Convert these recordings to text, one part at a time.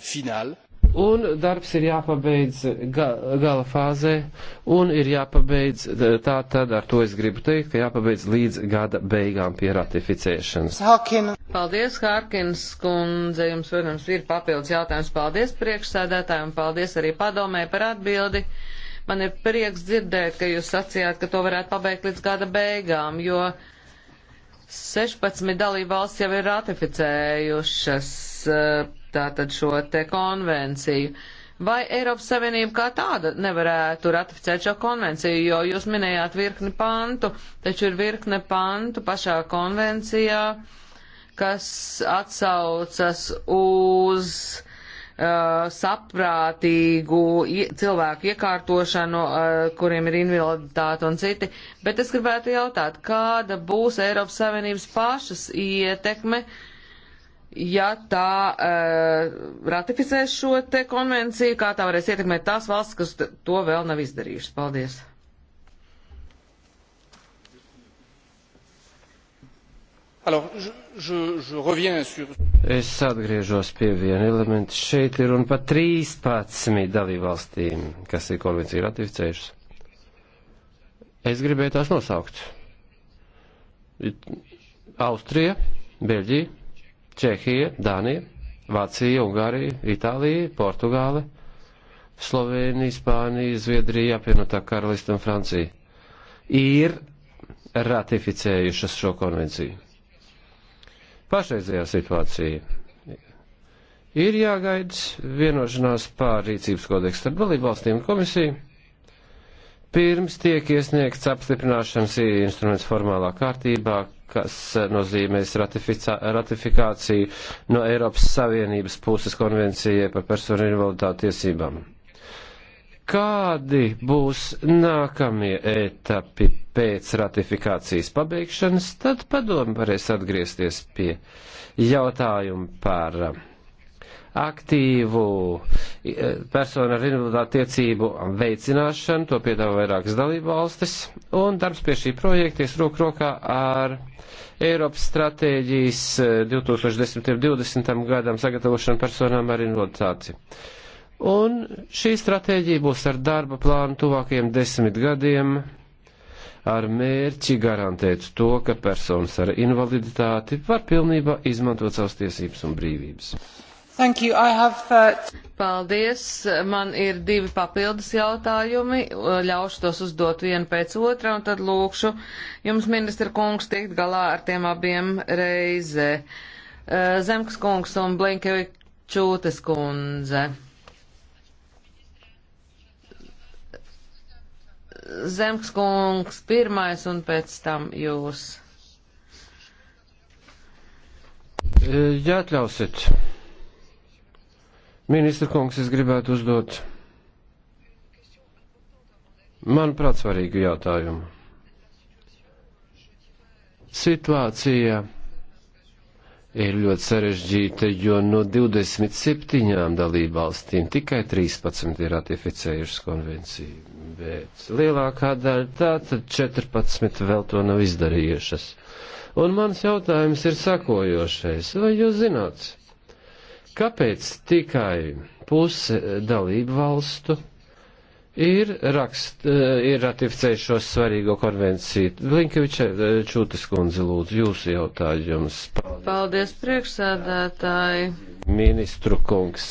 finale. Un darbs ir jāpabeidz ga, gala fāzē, un ir jāpabeidz, tā tad ar to es gribu teikt, ka jāpabeidz līdz gada beigām pie ratificēšanas. Hawkins. Paldies, Hārkins kundze, jums, protams, ir papildus jautājums. Paldies priekšsēdētājiem, paldies arī padomē par atbildi. Man ir prieks dzirdēt, ka jūs sacījāt, ka to varētu pabeigt līdz gada beigām, jo 16 dalībvalsts jau ir ratificējušas eh, tātad šo te konvenciju. Vai Eiropas Savienība kā tāda nevarētu ratificēt šo konvenciju, jo jūs minējāt virkni pantu, taču ir virkne pantu pašā konvencijā, kas atsaucas uz uh, saprātīgu cilvēku iekārtošanu, uh, kuriem ir invaliditāte un citi. Bet es gribētu jautāt, kāda būs Eiropas Savienības pašas ietekme uh, ja tā uh, eh, ratificēs šo te konvenciju, kā tā varēs ietekmēt tās valsts, kas to vēl nav izdarījušas. Paldies! Alors, je, je, je reviens sur... Es atgriežos pie viena elementa. Šeit ir un pat 13 dalībvalstīm, kas ir konvenciju ratificējušas. Es gribēju tās nosaukt. Austrija, Beļģija, Čehija, Dānija, Vācija, Ungārija, Itālija, Portugāle, Slovenija, Spānija, Zviedrija, apvienotā karalista un Francija ir ratificējušas šo konvenciju. Pašreizējā situācija ir jāgaida vienošanās pār rīcības kodeksu starp dalību valstīm un komisiju. Pirms tiek iesniegts apstiprināšanas instruments formālā kārtībā, kas nozīmēs ratifikāciju no Eiropas Savienības puses konvencijai par personu invaliditāti tiesībām. Kādi būs nākamie etapi pēc ratifikācijas pabeigšanas, tad padomu varēs atgriezties pie jautājumu par aktīvu e, personu ar invalidu attiecību veicināšanu, to piedāvā vairākas dalību valstis, un darbs pie šī projekta ies roku rokā ar Eiropas stratēģijas 2010-2020 e, gadam sagatavošanu personām ar invaliditāti. Un šī stratēģija būs ar darba plānu tuvākajiem desmit gadiem, ar mērķi garantēt to, ka personas ar invaliditāti var pilnībā izmantot savas tiesības un brīvības. Thank you. I have, uh... Paldies. Man ir divi papildus jautājumi. Ļaušu tos uzdot vienu pēc otra un tad lūkšu jums, ministra kungs, tikt galā ar tiem abiem reize. Uh, Zemkas kungs un Blinkevičūtes kundze. Zemkas kungs pirmais un pēc tam jūs. Ja atļausit. Ministra kungs, es gribētu uzdot, manuprāt, svarīgu jautājumu. Situācija ir ļoti sarežģīta, jo no 27 dalībvalstīm tikai 13 ir ratificējušas konvenciju, bet lielākā daļa tātad 14 vēl to nav izdarījušas. Un mans jautājums ir sakojošais. Vai jūs zināt? Kāpēc tikai puse dalību valstu ir, rakst, eh, ir ratificējuši šo svarīgo konvenciju? Blinkeviča eh, Čūtis kundze lūdzu jūsu jautājums. Paldies, Paldies priekšsēdētāji. Ministru kungs.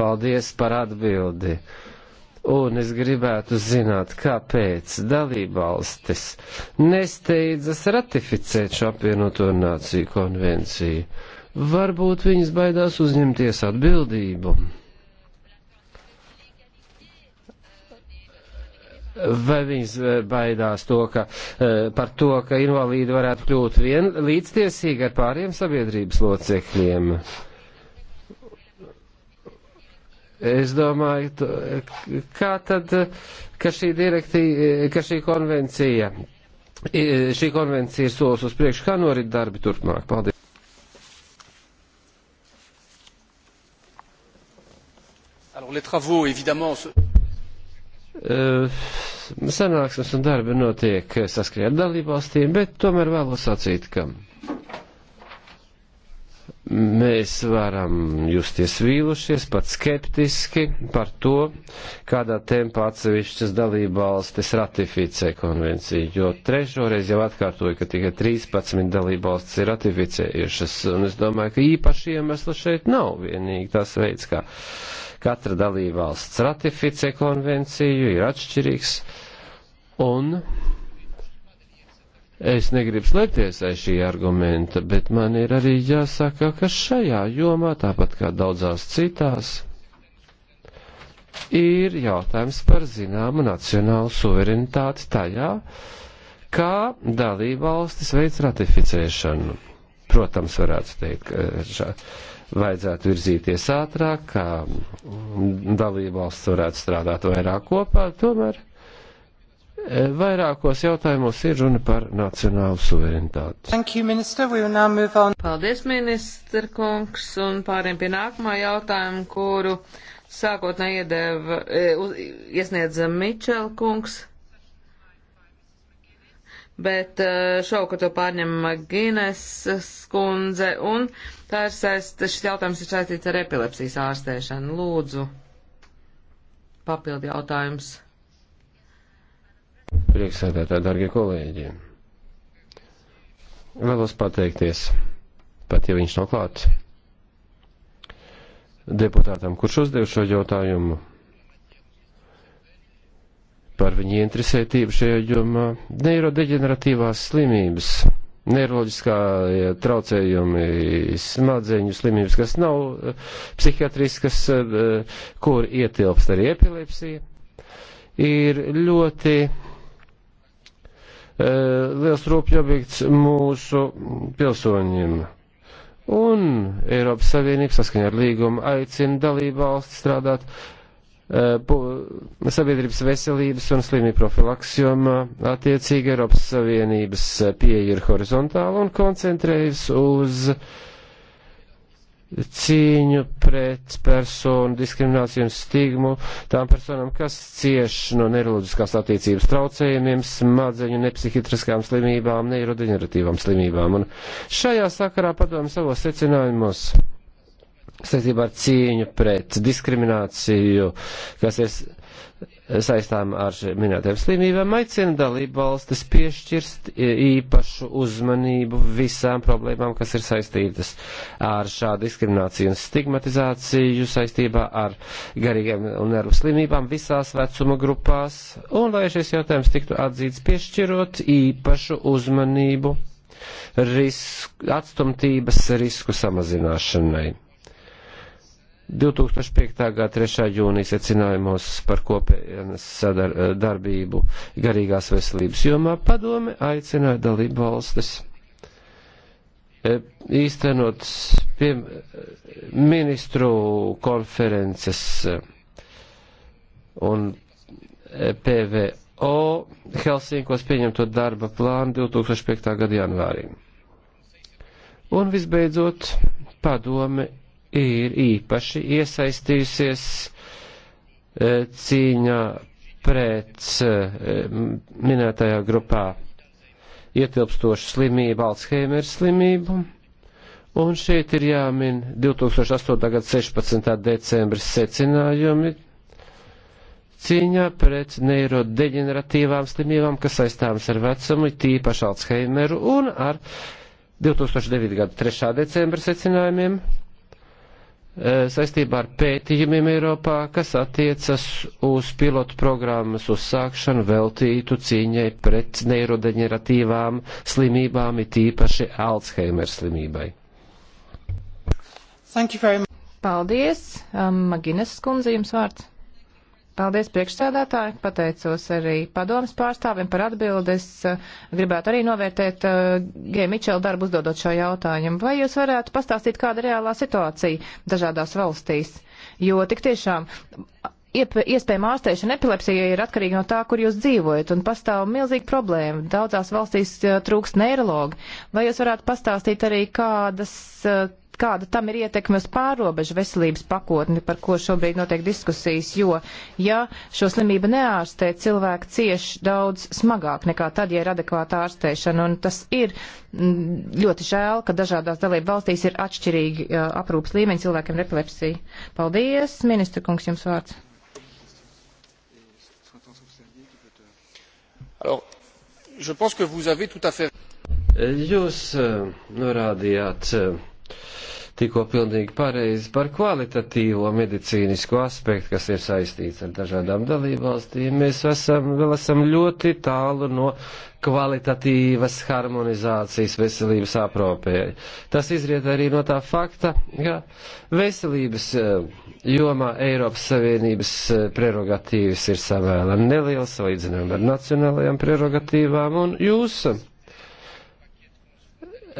Paldies par atbildi. Un es gribētu zināt, kāpēc dalībvalstis nesteidzas ratificēt šo apvienoto nāciju konvenciju. Varbūt viņas baidās uzņemties atbildību. Vai viņas eh, baidās to, ka, eh, par to, ka invalīdi varētu kļūt vien līdztiesīgi ar pāriem sabiedrības locekļiem? Es domāju, kā tad, ka šī direktīva, eh, ka šī konvencija, šī konvencija ir solis uz priekšu, kā norit darbi turpmāk? Paldies! Alors, les travaux, évidemment, se... Uh, sanāksmes un darbi notiek saskaņā ar dalībvalstīm, bet tomēr vēlos sacīt, ka mēs varam justies vīlušies, pat skeptiski par to, kādā tempā atsevišķas dalībvalstis ratificē konvenciju, jo trešoreiz jau atkārtoju, ka tikai 13 dalībvalstis ir ratificējušas, un es domāju, ka īpaši iemesli šeit nav vienīgi tas veids, kā. Uh, Katra dalībvalsts ratificē konvenciju, ir atšķirīgs. Un es negribu slēpties aiz šī argumenta, bet man ir arī jāsaka, ka šajā jomā, tāpat kā daudzās citās, ir jautājums par zināmu nacionālu suverenitāti tajā, kā dalībvalstis veids ratificēšanu. Protams, varētu teikt, ka vajadzētu virzīties ātrāk, kā dalībvalsts varētu strādāt vairāk kopā, tomēr e, vairākos jautājumos ir runa par nacionālu suverenitāti. You, minister. Paldies, ministra kungs, un pāriem pie nākamā jautājuma, kuru sākotnēji iedeva, e, iesniedza Mičel kungs bet eh, šauku to pārņem Gines skundze, un tā ir saist, šis jautājums ir saistīts ar epilepsijas ārstēšanu. Lūdzu, papildi jautājums. Prieksēdētāji, dargie kolēģi, vēlos pateikties, pat ja viņš nav klāts, deputātam, kurš uzdev šo jautājumu par viņu interesētību šajā jomā. Neirodeģeneratīvās slimības, neiroloģiskā traucējumi, smadzeņu slimības, kas nav eh, psihiatriskas, eh, kur ietilpst arī epilepsija, ir ļoti eh, liels rūpju objekts mūsu pilsoņiem. Un Eiropas Savienība saskaņā ar līgumu aicina dalību valsts strādāt Eh, sabiedrības veselības un slimību profilaks jomā. Attiecīgi Eiropas Savienības eh, pieeja ir horizontāla un koncentrējas uz cīņu pret personu diskrimināciju un stigmu tām personām, kas cieš no neiroloģiskās attiecības traucējumiem, smadzeņu nepsihitriskām slimībām, neirodeģeneratīvām slimībām. Un šajā sakarā padomu savos secinājumos saistībā ar cīņu pret diskrimināciju, kas ir saistām ar minētiem slimībām, aicina dalību valstis piešķirst īpašu uzmanību visām problēmām, kas ir saistītas ar šādu diskrimināciju un stigmatizāciju saistībā ar garīgiem un nervu slimībām visās vecuma grupās, un lai šis jautājums tiktu atzīts piešķirot īpašu uzmanību risku, atstumtības risku samazināšanai 2005. gada 3. jūnijas secinājumos par kopienas sadarbību garīgās veselības jomā padome aicināja dalību valstis e, īstenot pie ministru konferences e, un e, PVO Helsinkos pieņemto darba plānu 2005. gada janvārī. Un visbeidzot, padome ir īpaši iesaistījusies e, cīņā pret e, minētajā grupā ietilpstošu slimību, Alzheimer slimību. Un šeit ir jāmin 2008. gada 16. decembris secinājumi cīņā pret neirodeģeneratīvām slimībām, kas saistāmas ar vecumu, tīpaši Alzheimeru un ar 2009. gada 3. decembra secinājumiem E, saistībā ar pētījumiem Eiropā, kas attiecas uz pilotu programmas uzsākšanu veltītu cīņai pret neirodeģeneratīvām slimībām, it īpaši Alzheimer slimībai. Paldies, um, Maginas skundze, jums vārds. Paldies priekšsēdētāji, pateicos arī padomas pārstāvim par atbildes. Eh, gribētu arī novērtēt eh, G. Mičela darbu uzdodot šo jautājumu. Vai jūs varētu pastāstīt, kāda reālā situācija dažādās valstīs? Jo tik tiešām iespējama ārstēšana epilepsija ir atkarīga no tā, kur jūs dzīvojat, un pastāv milzīga problēma. Daudzās valstīs eh, trūkst neirologi. Vai jūs varētu pastāstīt arī, kādas kāda tam ir ietekme uz pārobežu veselības pakotni, par ko šobrīd notiek diskusijas, jo, ja šo slimību neārstē, cilvēki cieš daudz smagāk nekā tad, ja ir adekvāta ārstēšana, un tas ir mm, ļoti žēl, ka dažādās dalību valstīs ir atšķirīgi uh, aprūpas līmeņi cilvēkiem ar epilepsiju. Paldies, ministra kungs, jums vārds. Alors, je pense que vous avez tout à fait. Jūs uh, norādījāt uh, tikko pilnīgi pareizi par kvalitatīvo medicīnisko aspektu, kas ir saistīts ar dažādām dalībvalstīm. Mēs esam, vēl esam ļoti tālu no kvalitatīvas harmonizācijas veselības aprūpē. Tas izriet arī no tā fakta, ka veselības eh, jomā Eiropas Savienības eh, prerogatīvas ir samēlā neliels, salīdzinām ar nacionālajām prerogatīvām, un jūs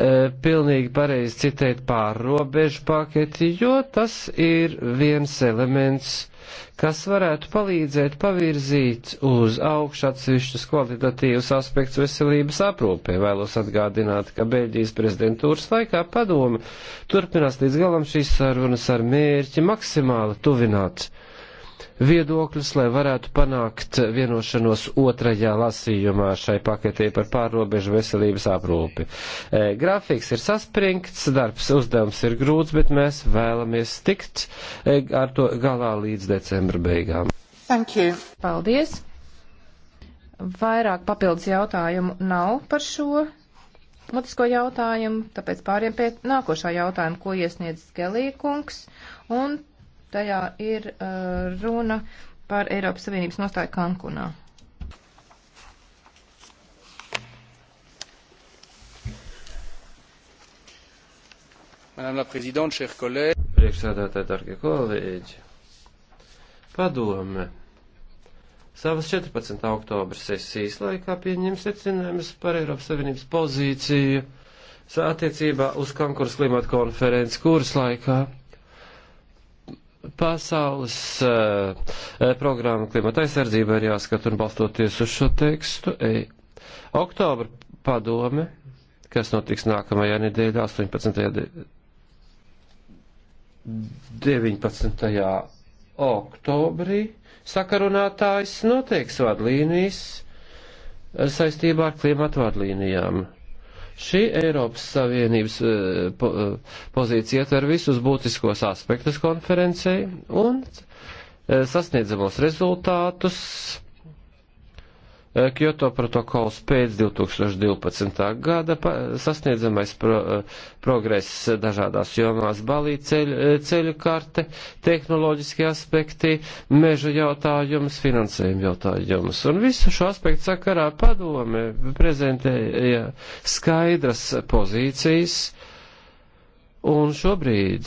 E, pilnīgi pareizi citēt pārrobežu paketi, jo tas ir viens elements, kas varētu palīdzēt pavirzīt uz augšu atsevišķus kvalitatīvus aspektus veselības aprūpē. Vēlos atgādināt, ka Beļģijas prezidentūras laikā padome turpinās līdz galam šīs sarunas ar mērķi maksimāli tuvināt uh, viedokļus, lai varētu panākt vienošanos otrajā lasījumā šai paketē par pārrobežu veselības aprūpi. E, grafiks ir saspringts, darbs uzdevums ir grūts, bet mēs vēlamies tikt e, ar to galā līdz decembra beigām. Thank you. Paldies. Vairāk papildus jautājumu nav par šo mutisko jautājumu, tāpēc pāriem pie nākošā jautājuma, ko iesniedz Gelīkungs. Un tajā ir uh, runa par Eiropas Savienības nostāju Kankunā. Madame la Présidente, chers collègues. Priekšsēdētāji, darbie kolēģi. Padome savas 14. oktobra sesijas laikā pieņem secinājumus par Eiropas Savienības pozīciju attiecībā uz Kankuras klimata konferences kuras laikā pasaules uh, programma klimata aizsardzība ir jāskat un balstoties uz šo tekstu. Ei. Oktobra padome, kas notiks nākamajā nedēļā, 18. De... 19. oktobrī, sakarunātājs noteiks vadlīnijas eh, saistībā ar klimatu vadlīnijām. Šī Eiropas Savienības eh, po, eh, pozīcija ietver visus būtiskos aspektus konferencei un eh, sasniedzamos rezultātus Eh, Kyoto protokols pēc 2012. gada sasniedzamais pro, eh, progress dažādās jomās - balī ceļu, eh, ceļu karte, tehnoloģiski aspekti, meža jautājums, finansējuma jautājums. Un visu šo aspektu sakarā padome prezentēja skaidras pozīcijas. Un šobrīd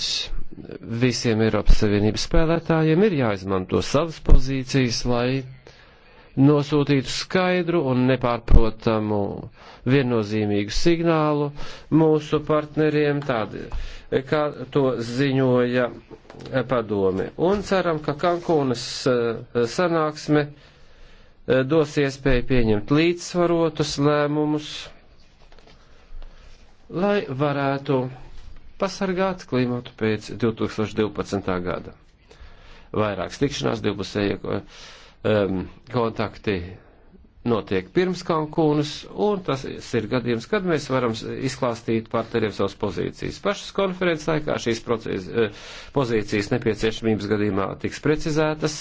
visiem Eiropas Savienības spēlētājiem ir jāizmanto savas pozīcijas, lai nosūtītu skaidru un nepārprotamu viennozīmīgu signālu mūsu partneriem, tādi, kā to ziņoja padome. Un ceram, ka Kankūnas eh, sanāksme eh, dos iespēju pieņemt līdzsvarotus lēmumus, lai varētu pasargāt klimatu pēc 2012. gada. Vairākas tikšanās divpusēji eh, um, kontakti notiek pirms Kankūnas, un tas ir gadījums, kad mēs varam izklāstīt partneriem savas pozīcijas. Pašas konferences laikā šīs proces, e, pozīcijas nepieciešamības gadījumā tiks precizētas,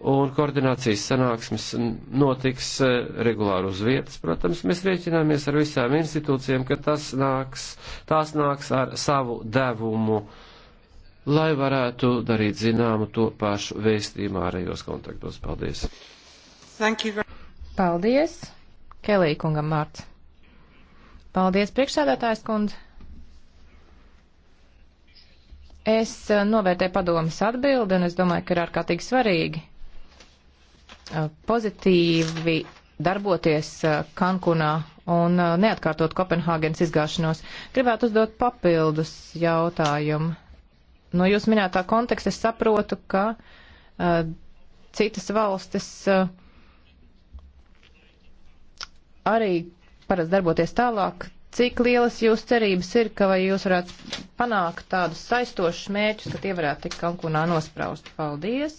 un koordinācijas sanāksmes notiks e, regulāri uz vietas. Protams, mēs rēķināmies ar visām institūcijām, ka tas nāks, tās nāks ar savu devumu lai varētu darīt zināmu to pašu vēstījumu ārējos kontaktos. Paldies! Paldies! Kelī kungam vārds. Paldies, priekšsēdētājs kundze. Es eh, novērtēju padomas atbildi, un es domāju, ka ir ārkārtīgi svarīgi eh, pozitīvi darboties eh, Kankunā un neatkārtot Kopenhāgenes izgāšanos. Gribētu uzdot papildus jautājumu No jūs minētā konteksta es saprotu, ka uh, citas valstis uh, arī paredz darboties tālāk. Cik lielas jūs cerības ir, ka vai jūs varētu panākt tādus saistošus mērķus, ka tie varētu tikt Kankūnā nospraust? Paldies!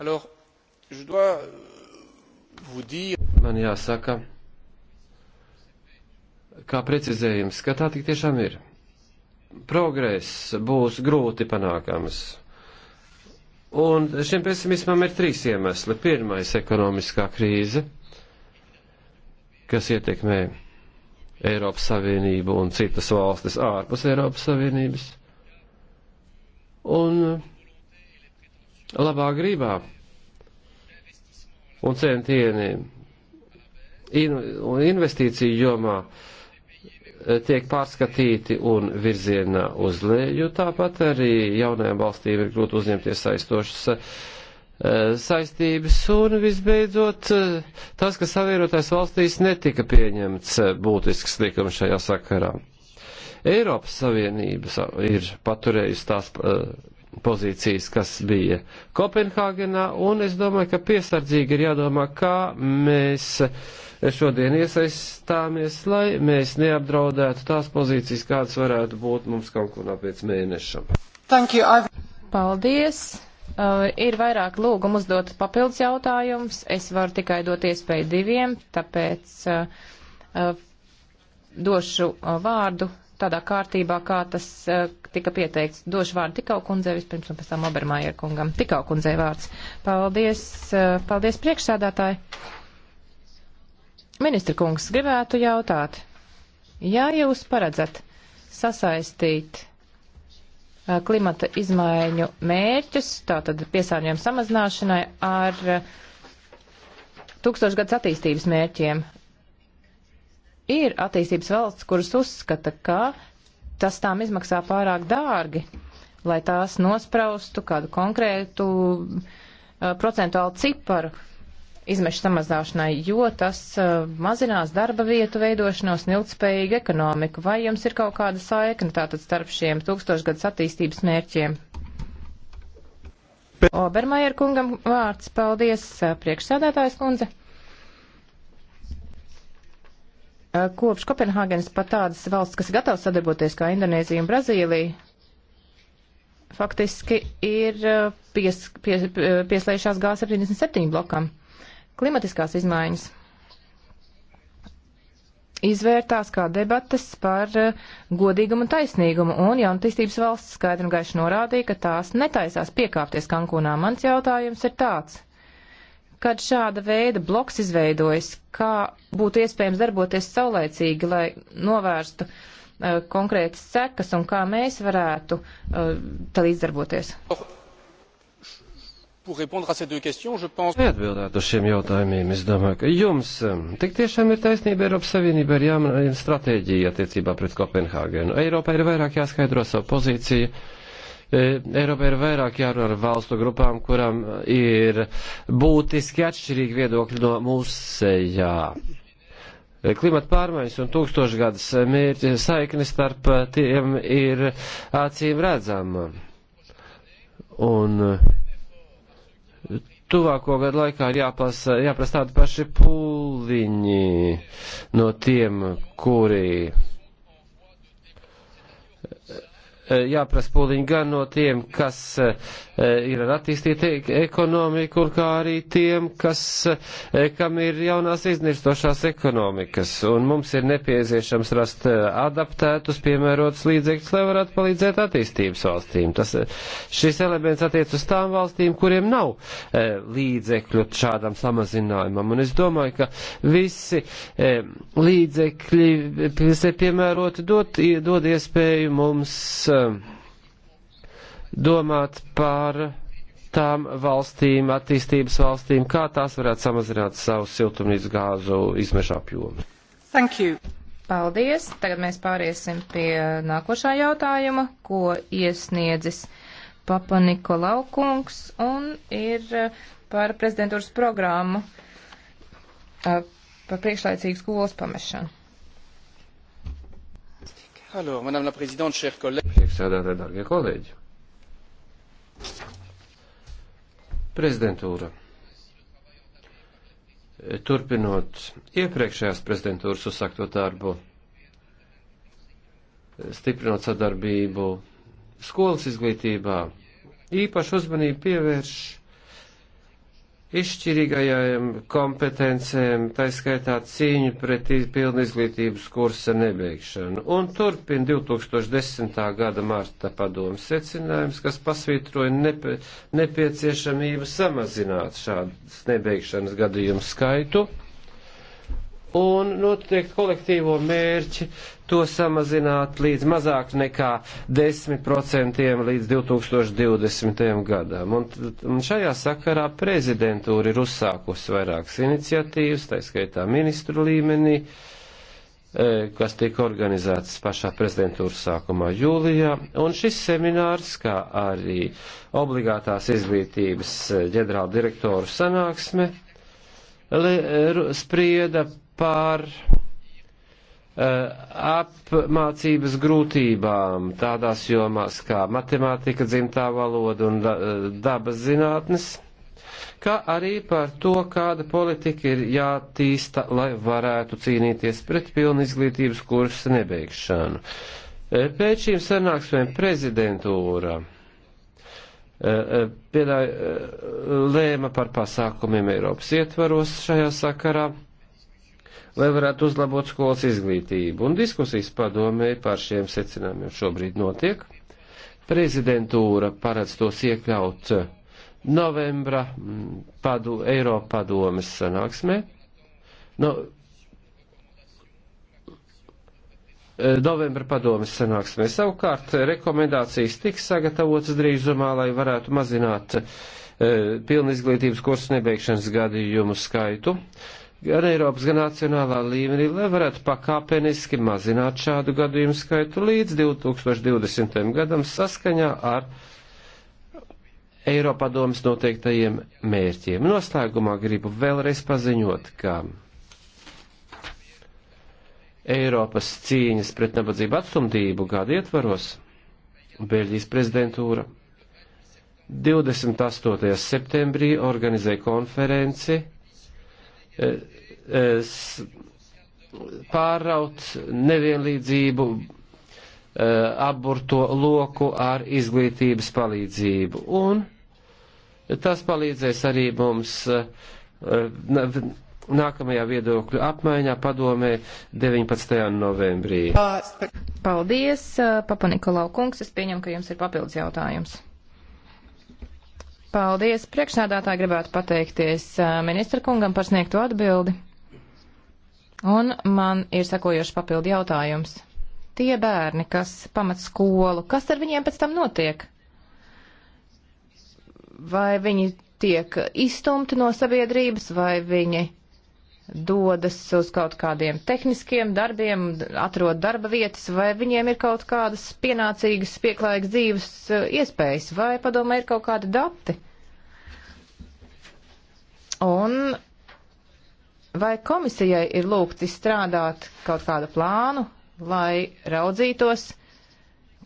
Alors, je dois euh, vous dire... Man jāsaka, kā precizējums, ka tā tik tiešām ir. Progress būs grūti panākams. Un šim pesimismam ir trīs iemesli. Pirmais - ekonomiskā krīze, kas ietekmē Eiropas Savienību un citas valstis ārpus Eiropas Savienības. Un labā grībā un centieni in, un investīciju jomā uh, tiek pārskatīti un virzienā uz leju. Tāpat arī jaunajām valstīm ir grūti uzņemties saistošas eh, saistības un visbeidzot eh, tas, ka savienotās valstīs netika pieņemts eh, būtisks likums šajā sakarā. Eiropas Savienība ir paturējusi tās pozīcijas, kas bija Kopenhāgenā, un es domāju, ka piesardzīgi ir jādomā, kā mēs šodien iesaistāmies, lai mēs neapdraudētu tās pozīcijas, kādas varētu būt mums kaut kur pēc mēneša. Paldies! Uh, ir vairāk lūgumu uzdot papildus jautājumus. Es varu tikai dot iespēju diviem, tāpēc uh, uh, došu uh, vārdu tādā kārtībā, kā tas uh, tika pieteikts. Došu vārdu tikau kundzē vispirms un pēc tam Obermājer kungam. Tikau kundzē vārds. Paldies, uh, paldies priekšsādātāji. Uh, Ministra kungs, gribētu jautāt, ja jūs paredzat sasaistīt klimata izmaiņu mērķus, tātad piesārņojumu samazināšanai, ar tūkstošgads attīstības mērķiem, ir attīstības valsts, kuras uzskata, ka tas tām izmaksā pārāk dārgi, lai tās nospraustu kādu konkrētu uh, procentuālu ciparu. Uh, izmešu samazināšanai, jo tas uh, mazinās darba vietu veidošanos un ilgspējīgu ekonomiku. Vai jums ir kaut kāda saikna tātad starp šiem tūkstošgadus attīstības mērķiem? Obermajer kungam vārds. Paldies, uh, priekšsēdētājs kundze. Uh, kopš Kopenhāgenes pat tādas valsts, kas ir gatavas sadarboties kā Indonēzija un Brazīlija, faktiski ir uh, pies, pies, pieslējušās G77 blokam. Klimatiskās izmaiņas izvērtās kā debates par eh, godīgumu un taisnīgumu, un jaunatīstības valsts skaidri un gaiši norādīja, ka tās netaisās piekāpties Kankūnā. Mans jautājums ir tāds. Kad šāda veida bloks izveidojas, kā būtu iespējams darboties saulēcīgi, lai novērstu uh, konkrētas sekas un kā mēs varētu uh, eh, tad izdarboties? Oh. Lai atbildētu uz šiem jautājumiem, es domāju, ka jums tik tiešām ir taisnība Eiropas Savienība ir jāmanājuma stratēģija attiecībā pret Kopenhāgenu. Eiropā ir vairāk jāskaidro savu pozīciju. E, Eiropā ir vairāk jārunā ar valstu grupām, kuram ir būtiski atšķirīgi viedokļi no mūsējā. E, klimata pārmaiņas un tūkstošgadas mērķi saikni starp tiem ir acīm redzama. Un uh, tuvāko gadu laikā ir jāprasa, jāprasa tādi paši pūliņi no tiem, kuri Eh, jāprasa pūliņi gan no tiem, kas eh, ir ar attīstītu ekonomiku, un kā arī tiem, kas, eh, kam ir jaunās iznirstošās ekonomikas. Un mums ir nepieciešams rast adaptētus, piemērotus līdzekļus, lai varētu palīdzēt attīstības valstīm. Tas, šis elements attiec uz tām valstīm, kuriem nav līdzekļu šādam samazinājumam. Un es domāju, ka visi līdzekļi, piemēroti, dod, dod iespēju mums domāt par tām valstīm, attīstības valstīm, kā tās varētu samazināt savu siltumnīcas gāzu izmešu apjomu. Thank you. Paldies. Tagad mēs pāriesim pie nākošā jautājuma, ko iesniedzis Papa Nikolau kungs un ir eh, par prezidentūras programmu eh, par priekšlaicīgu skolas pamešanu. Alors, Madame la Présidente, chers collègues priekšsēdētāji, darbie kolēģi. Prezidentūra. Turpinot iepriekšējās prezidentūras uzsākto darbu, stiprinot sadarbību skolas izglītībā, īpašu uzmanību pievērš izšķirīgajām kompetencēm, tā skaitā cīņu pret pilnu izglītības kursa nebeigšanu. Un turpin 2010. gada marta padomu secinājums, kas pasvītroja nepe, nepieciešamību samazināt šādas nebeigšanas gadījumu skaitu un noteikt kolektīvo mērķi to samazināt līdz mazāk nekā 10% līdz 2020. gadam. Un, un šajā sakarā prezidentūra ir uzsākusi vairākas iniciatīvas, tā skaitā ministru līmenī, e, kas tika organizēts pašā prezidentūras sākumā jūlijā, un šis seminārs, kā arī obligātās izglītības e, ģenerāla direktoru sanāksme, le, e, sprieda par Eh, apmācības grūtībām tādās jomās kā matemātika, dzimtā valoda un eh, dabas zinātnes, kā arī par to, kāda politika ir jātīsta, lai varētu cīnīties pret pilnu izglītības kursa nebeigšanu. Eh, pēc šīm sanāksmēm prezidentūra piedāja, lēma par pasākumiem Eiropas ietvaros šajā sakarā lai varētu uzlabot skolas izglītību. Un diskusijas padomē par šiem secinājumiem šobrīd notiek. Prezidentūra paredz tos iekļaut eh, novembra mm, padu, Eiropa padomes sanāksmē. No, eh, Novembra padomes sanāksmē savukārt rekomendācijas tiks sagatavotas drīzumā, lai varētu mazināt e, eh, pilnu izglītības kursu nebeigšanas gadījumu skaitu. E, gan Eiropas, gan nacionālā līmenī, lai varētu pakāpeniski mazināt šādu gadījumu skaitu līdz 2020. gadam saskaņā ar Eiropadomas noteiktajiem mērķiem. Noslēgumā gribu vēlreiz paziņot, ka Eiropas cīņas pret nabadzību atstumtību gadu ietvaros Beļģijas prezidentūra 28. septembrī organizē konferenci eh, pāraut nevienlīdzību, e, apburto loku ar izglītības palīdzību. Un tas palīdzēs arī mums e, nākamajā viedokļu apmaiņā padomē 19. novembrī. Paldies, e, Papa Nikolau kungs. Es pieņemu, ka jums ir papildus jautājums. Paldies. Priekšnādātāji gribētu pateikties ministra kungam par sniegto atbildi. Un man ir sekojoši papildi jautājums. Tie bērni, kas pamat skolu, kas ar viņiem pēc tam notiek? Vai viņi tiek izstumti no sabiedrības, vai viņi dodas uz kaut kādiem tehniskiem darbiem, atrod darba vietas, vai viņiem ir kaut kādas pienācīgas, pieklājīgas dzīves eh, iespējas, vai padomē ir kaut kādi dati. Un Vai komisijai ir lūgts izstrādāt kaut kādu plānu, lai raudzītos,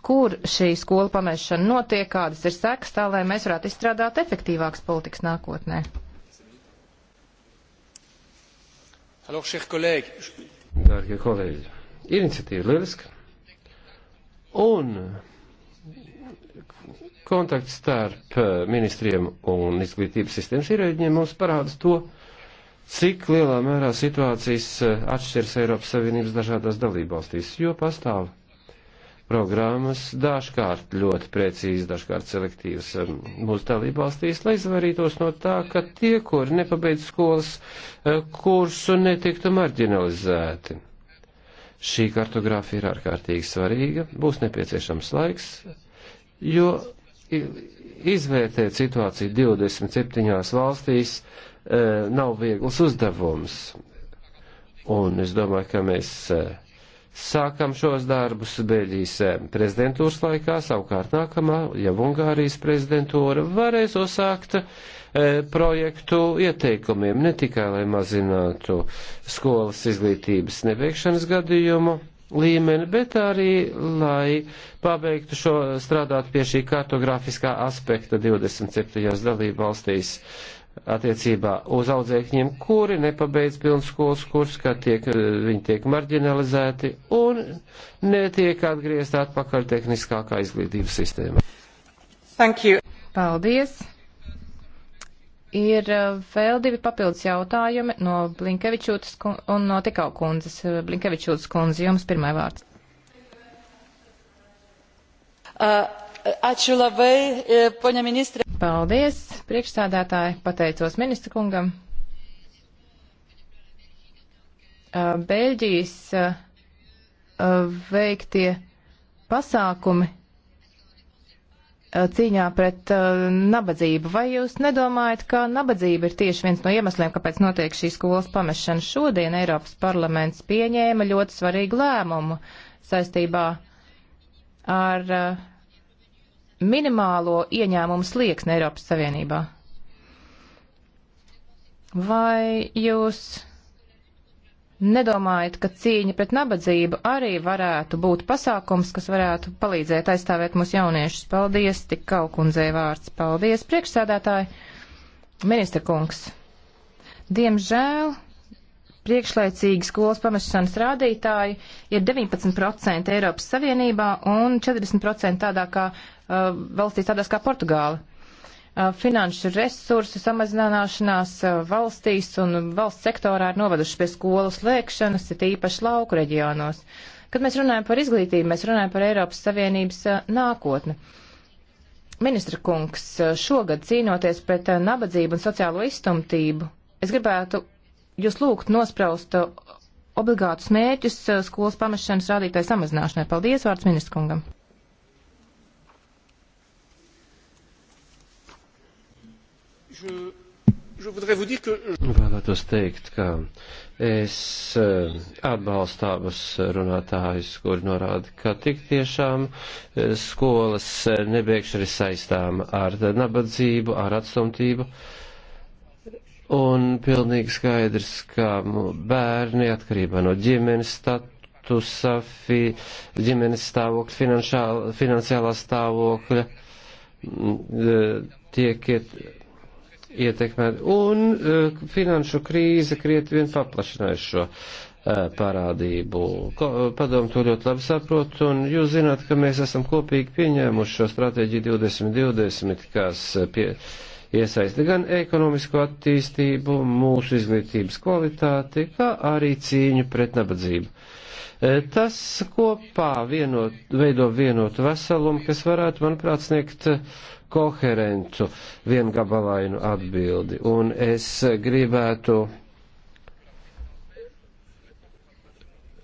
kur šī skola pamešana notiek, kādas ir sekas, tā lai mēs varētu izstrādāt efektīvākas politikas nākotnē? Alors, kolēģi. Dārgie kolēģi, iniciatīva lieliska. Un kontakts starp ministriem un izglītības sistēmas ierēģiem mums parāda to, cik lielā mērā situācijas eh, atšķiras Eiropas Savienības dažādās dalībvalstīs, jo pastāv programmas dažkārt ļoti precīzi, dažkārt selektīvas eh, mūsu dalībvalstīs, lai izvairītos no tā, ka tie, kuri nepabeidz skolas eh, kursu, netiktu marginalizēti. Šī kartogrāfija ir ārkārtīgi svarīga, būs nepieciešams laiks, jo izvērtēt situāciju 27 valstīs, uh, Eh, nav viegls uzdevums. Un es domāju, ka mēs eh, sākam šos darbus Beļģijas eh, prezidentūras laikā, savukārt nākamā, ja Ungārijas prezidentūra varēs uzsākt projektu ieteikumiem, ne tikai lai mazinātu skolas izglītības neveikšanas gadījumu līmeni, bet arī, lai pabeigtu šo strādāt pie šī kartografiskā aspekta 27. dalību valstīs. Uh, attiecībā uz audzēkņiem, kuri nepabeidz pilnskolas kurs, ka tiek, viņi tiek marginalizēti un netiek atgriezt atpakaļ tehniskākā izglītības sistēma. Thank you. Paldies. Ir uh, vēl divi papildus jautājumi no Blinkevičūtas un no Tikau kundzes. Blinkevičūtas kundze, jums pirmai vārds. Uh. Ačiū labai, e, poņa ministra. Paldies, priekšstādātāji, pateicos ministra kungam. Beļģijas veiktie pasākumi cīņā pret uh, nabadzību. Vai jūs nedomājat, ka nabadzība ir tieši viens no iemesliem, kāpēc notiek šī skolas pamešana? Šodien Eiropas parlaments pieņēma ļoti svarīgu lēmumu saistībā ar uh, minimālo ieņēmumu slieksni Eiropas Savienībā? Vai jūs nedomājat, ka cīņa pret nabadzību arī varētu būt pasākums, kas varētu palīdzēt aizstāvēt mūsu jauniešus? Paldies, tik kaukundzē vārds. Paldies, priekšsēdētāji. Ministra kungs, diemžēl priekšlaicīgi skolas pamešanas rādītāji ir 19% Eiropas Savienībā un 40% tādā kā Uh, valstīs tādās kā Portugāla. Uh, finanšu resursu samazināšanās uh, valstīs un valsts sektorā ir novaduši pie skolu slēgšanas, ir īpaši lauku reģionos. Kad mēs runājam par izglītību, mēs runājam par Eiropas Savienības nākotni. Ministra kungs, šogad cīnoties pret nabadzību un sociālo iztumtību, es gribētu jūs lūgt nospraust obligātus mērķus skolas pamešanas rādītāju samazināšanai. Paldies, vārds ministra kungam! Vēlētos teikt, ka es eh, atbalstu abus runātājus, kuri norāda, ka tik tiešām eh, skolas eh, nebiekšana ir saistāma ar nabadzību, ar atstumtību. Un pilnīgi skaidrs, ka bērni atkarībā no ģimenes statusa statusa, fi, ģimenes stāvokļa, finansiālā stāvokļa tiek iet, ietekmēt, un uh, finanšu krīze kriet vien paplašināja šo uh, parādību. Ko, eh, padomu to ļoti labi saprot, un jūs zināt, ka mēs esam kopīgi pieņēmuši šo stratēģiju 2020, kas pie, iesaista gan ekonomisko attīstību, mūsu izglītības kvalitāti, kā arī cīņu pret nabadzību. Tas kopā vienot, veido vienotu veselumu, kas varētu, manuprāt, sniegt uh, koherentu viengabalainu atbildi. Un es gribētu.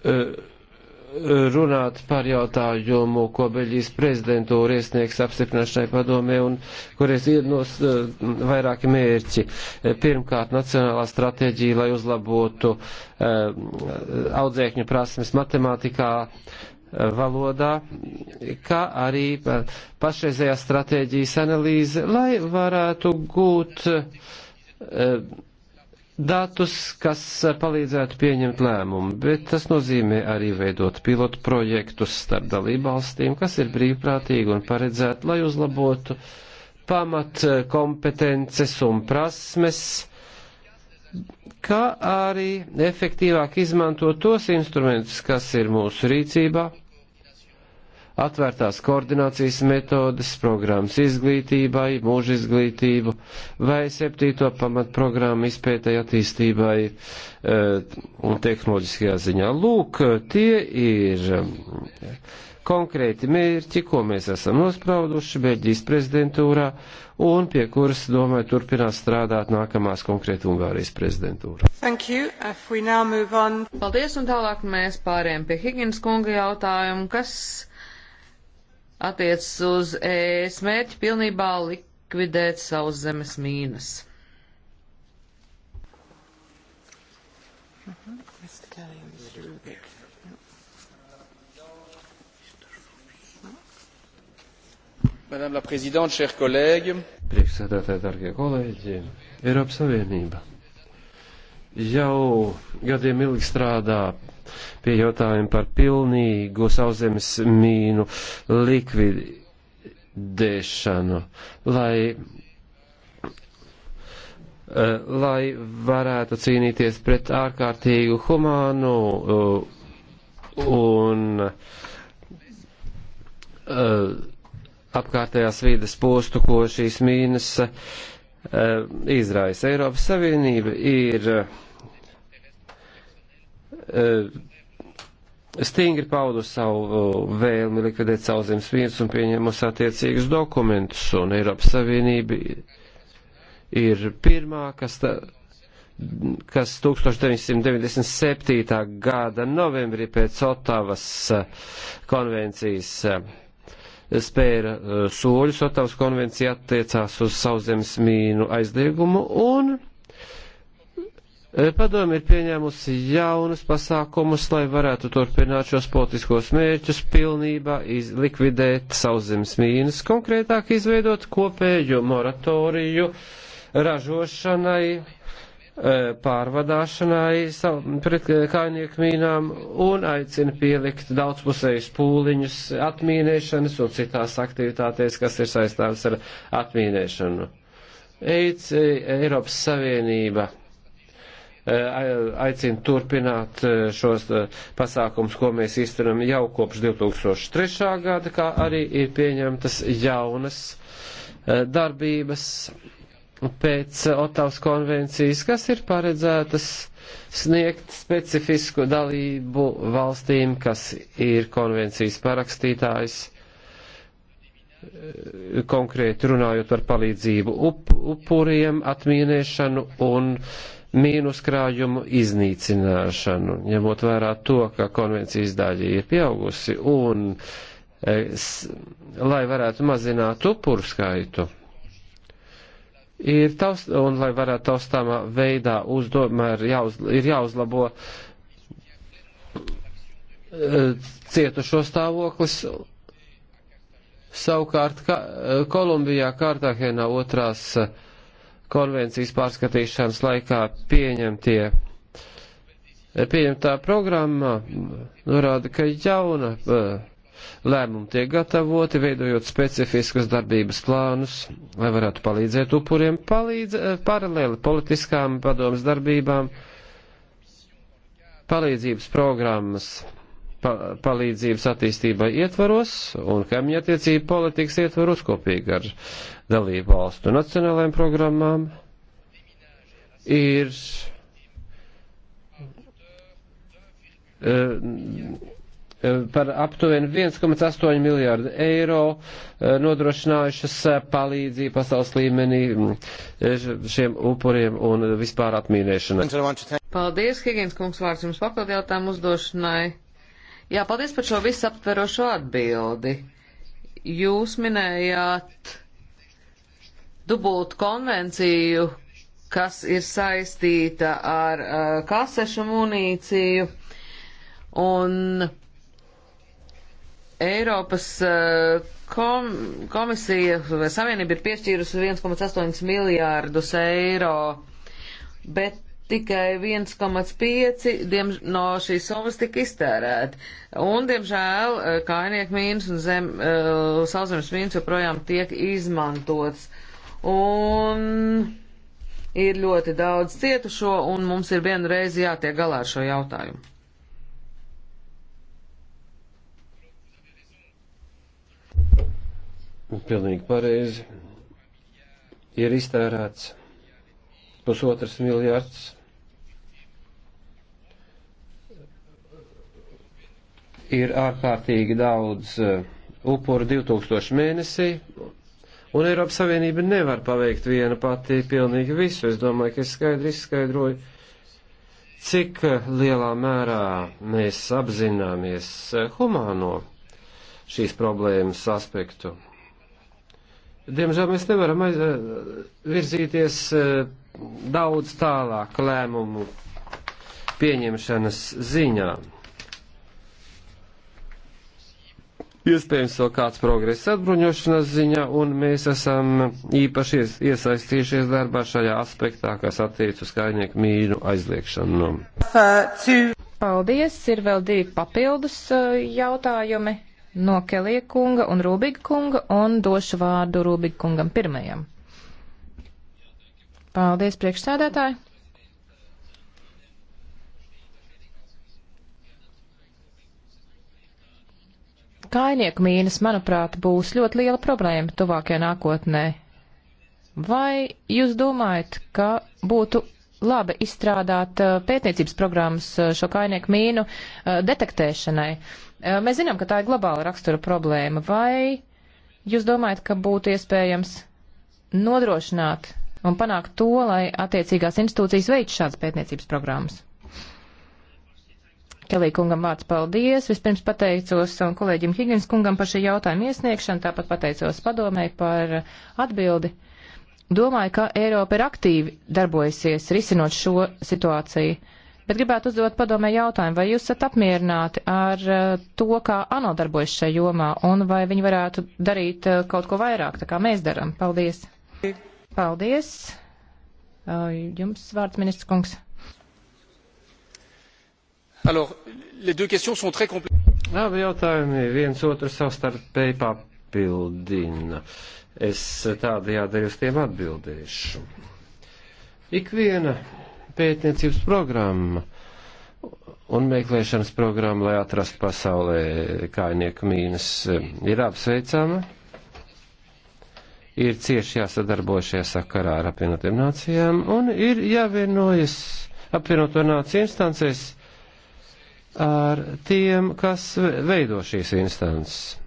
Uh, runāt par jautājumu, ko Beļģijas prezidentūra iesniegs apstiprināšanai padomē un kuries ir nos eh, vairāki mērķi. Eh, pirmkārt, nacionālā stratēģija, lai uzlabotu audzēkņu prasmes matemātikā, valodā, kā arī pašreizējā stratēģijas analīze, lai varētu gūt eh, datus, kas palīdzētu pieņemt lēmumu, bet tas nozīmē arī veidot pilotu projektus starp dalībvalstīm, kas ir brīvprātīgi un paredzēti, lai uzlabotu pamat eh, kompetences un prasmes, kā arī efektīvāk izmantot tos instrumentus, kas ir mūsu rīcībā atvērtās koordinācijas metodes, programmas izglītībai, mūža izglītību vai septīto pamatprogrammu izpētai attīstībai e, tehnoloģiskajā ziņā. Lūk, tie ir eh, konkrēti mērķi, ko mēs esam nosprauduši Beļģijas prezidentūrā un pie kuras, domāju, turpinās strādāt nākamās konkrēti Ungārijas prezidentūra. Paldies, un tālāk mēs pāriem pie Higgins kunga jautājumu, kas attiecas uz ES mērķi pilnībā likvidēt savus zemes mīnas. Madame la Présidente, chers collègues. Priekšsēdētāji, darbie kolēģi, Eiropas Savienība jau gadiem ilgi strādā pie jautājuma par pilnīgu sauszemes mīnu likvidēšanu, lai, eh, lai varētu cīnīties pret ārkārtīgu humānu eh, un eh, apkārtējās vīdes postu, ko šīs mīnas izraisa. Eiropas Savienība ir Eh, stingri paudu savu eh, vēlmi likvidēt sauszemes vīrus un pieņēmus attiecīgus dokumentus, un Eiropas Savienība ir pirmā, kas, ta, kas 1997. gada novembrī pēc Otavas eh, konvencijas spēra soļus, Otavas konvencija attiecās uz sauszemes mīnu aizliegumu un Eh, padomi ir pieņēmusi jaunus pasākumus, lai varētu turpināt šos politiskos mērķus pilnībā iz, likvidēt sauszemes mīnas, konkrētāk izveidot kopēju moratoriju ražošanai, eh, pārvadāšanai pret kājnieku mīnām un aicina pielikt daudzpusējus pūliņus atmīnēšanas un citās aktivitātēs, kas ir saistāms ar atmīnēšanu. Eic Eiropas Savienība Eh, aicina turpināt eh, šos eh, pasākums, ko mēs īstenam jau kopš 2003. gada, kā arī ir pieņemtas jaunas darbības pēc Otavas konvencijas, kas ir paredzētas sniegt specifisku dalību valstīm, kas ir konvencijas parakstītājs konkrēti runājot par palīdzību up, upuriem, atmīnēšanu un uh, mīnuskrājumu iznīcināšanu, ņemot vērā to, ka konvencijas daļa ir pieaugusi un, es, lai varētu mazināt upuru skaitu, ir taust, un lai varētu taustāmā veidā uzdomēr jāuz, ir jāuzlabo e, cietušo stāvoklis. Savukārt ka, e, Kolumbijā, Kārtāhēnā otrās uh, konvencijas pārskatīšanas laikā pieņemtie, pieņemtā programma norāda, ka jauna e, lēmumi tiek gatavoti, veidojot specifiskus darbības plānus, lai varētu palīdzēt upuriem, palīdz, e, paralēli politiskām padomas darbībām, palīdzības programmas palīdzības attīstībai ietvaros un kaimiņattiecību politikas ietvaros kopīgi ar dalību valstu nacionālajām programmām ir eh, par aptuveni 1,8 miljārdu eiro eh, nodrošinājušas eh, palīdzību pasaules līmenī mm, šiem upuriem un vispār atmīnēšanai. Paldies, Higiens kungs, vārds jums papildinātām uzdošanai. Jā, paldies par šo visaptverošo atbildi. Jūs minējāt dubultu konvenciju, kas ir saistīta ar uh, kasešu munīciju, un Eiropas uh, kom komisija vai savienība ir piešķīrusi 1,8 miljārdus eiro, bet tikai 1,5 no šīs summas tika iztērēti. Un, diemžēl, eh, kainieki mīnas un zem, uh, sauszemes mīnas joprojām tiek izmantots. Un ir ļoti daudz cietušo, un mums ir vienu reizi jātiek galā ar šo jautājumu. Pilnīgi pareizi. Ir iztērēts pusotras miljards. Ir ārkārtīgi daudz eh, upuru 2000 mēnesī, un Eiropas Savienība nevar paveikt viena pati pilnīgi visu. Es domāju, ka es skaidri izskaidroju, cik eh, lielā mērā mēs apzināmies eh, humāno šīs problēmas aspektu. Diemžēl mēs nevaram aiz, virzīties daudz tālāk lēmumu pieņemšanas ziņā. Iespējams, vēl kāds progress atbruņošanas ziņā, un mēs esam īpaši iesaistījušies darbā šajā aspektā, kas attiec uz kainieku mīnu aizliekšanu. Paldies, ir vēl divi papildus eh, jautājumi no Kelie kunga un Rūbiga kunga, un došu vārdu Rūbiga kungam pirmajam. Paldies, priekšsēdētāji! Kainieku mīnas, manuprāt, būs ļoti liela problēma tuvākajā nākotnē. Vai jūs domājat, ka būtu labi izstrādāt uh, pētniecības programmas uh, šo kainieku mīnu uh, detektēšanai. Mēs zinām, ka tā ir globāla rakstura problēma. Vai jūs domājat, ka būtu iespējams nodrošināt un panākt to, lai attiecīgās institūcijas veic šādas pētniecības programmas. Kelī kungam vārds paldies. Vispirms pateicos un kolēģim Higgins kungam par šī jautājuma iesniegšanu, tāpat pateicos padomēji par atbildi. Domāju, ka Eiropa ir aktīvi darbojusies risinot šo situāciju. Bet gribētu uzdot padomē jautājumu, vai jūs esat apmierināti ar eh, to, kā ANO darbojas šajā jomā, un vai viņi varētu darīt eh, kaut ko vairāk, tā kā mēs darām? Paldies! Paldies. Jums vārds, ministrs kungs. Alors, les deux questions sont très complètes. Abi jautājumi viens otru savstarpēji papildina. Es tādējādi uz tiem atbildēšu. Ikviena pētniecības programma un meklēšanas programma, lai atrastu pasaulē kainieku mīnas, ir apsveicama ir cieši jāsadarbojas šajā sakarā ar apvienotiem nācijām un ir jāvienojas apvienoto nāciju instancēs ar tiem, kas veido šīs instances.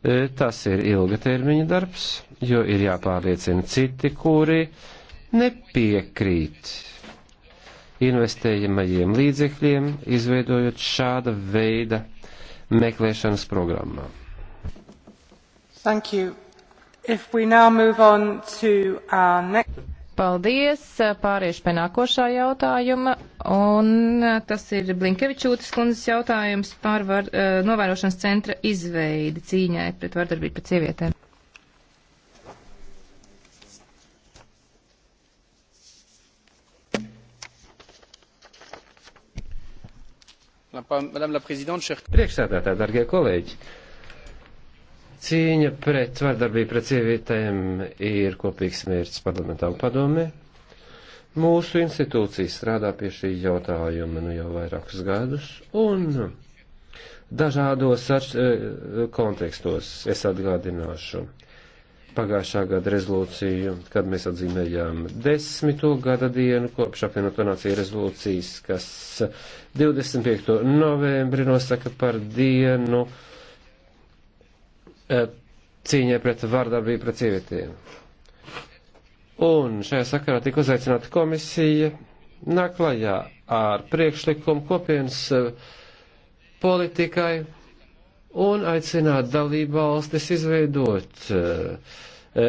E, tas ir ilgatermiņa darbs, jo ir jāpārliecina citi, kuri nepiekrīt investējamajiem līdzekļiem, izveidojot šāda veida meklēšanas programmā. Thank you. Next... Paldies! Pāriešu pie nākošā jautājuma, un eh, tas ir Blinkevičūtas kundzes jautājums par var, eh, novērošanas centra izveidi cīņai pret vardarbību pret sievietēm. Priekšsēdētāji, darbie kolēģi! Cīņa pret vardarbību pret sievietēm ir kopīgs mērķis parlamentā un padomē. Mūsu institūcija strādā pie šī jautājuma nu jau vairākus gadus un dažādos atš, eh, kontekstos es atgādināšu pagājušā gada rezolūciju, kad mēs atzīmējām desmito gada dienu kopš apvienoto nāciju rezolūcijas, kas 25. novembri nosaka par dienu uh, E, cīņai pret vardarbību pret sievietēm. Un šajā sakarā tika uzaicināta komisija nāk klajā ar priekšlikumu kopienas e, politikai un aicināt dalību valstis izveidot e,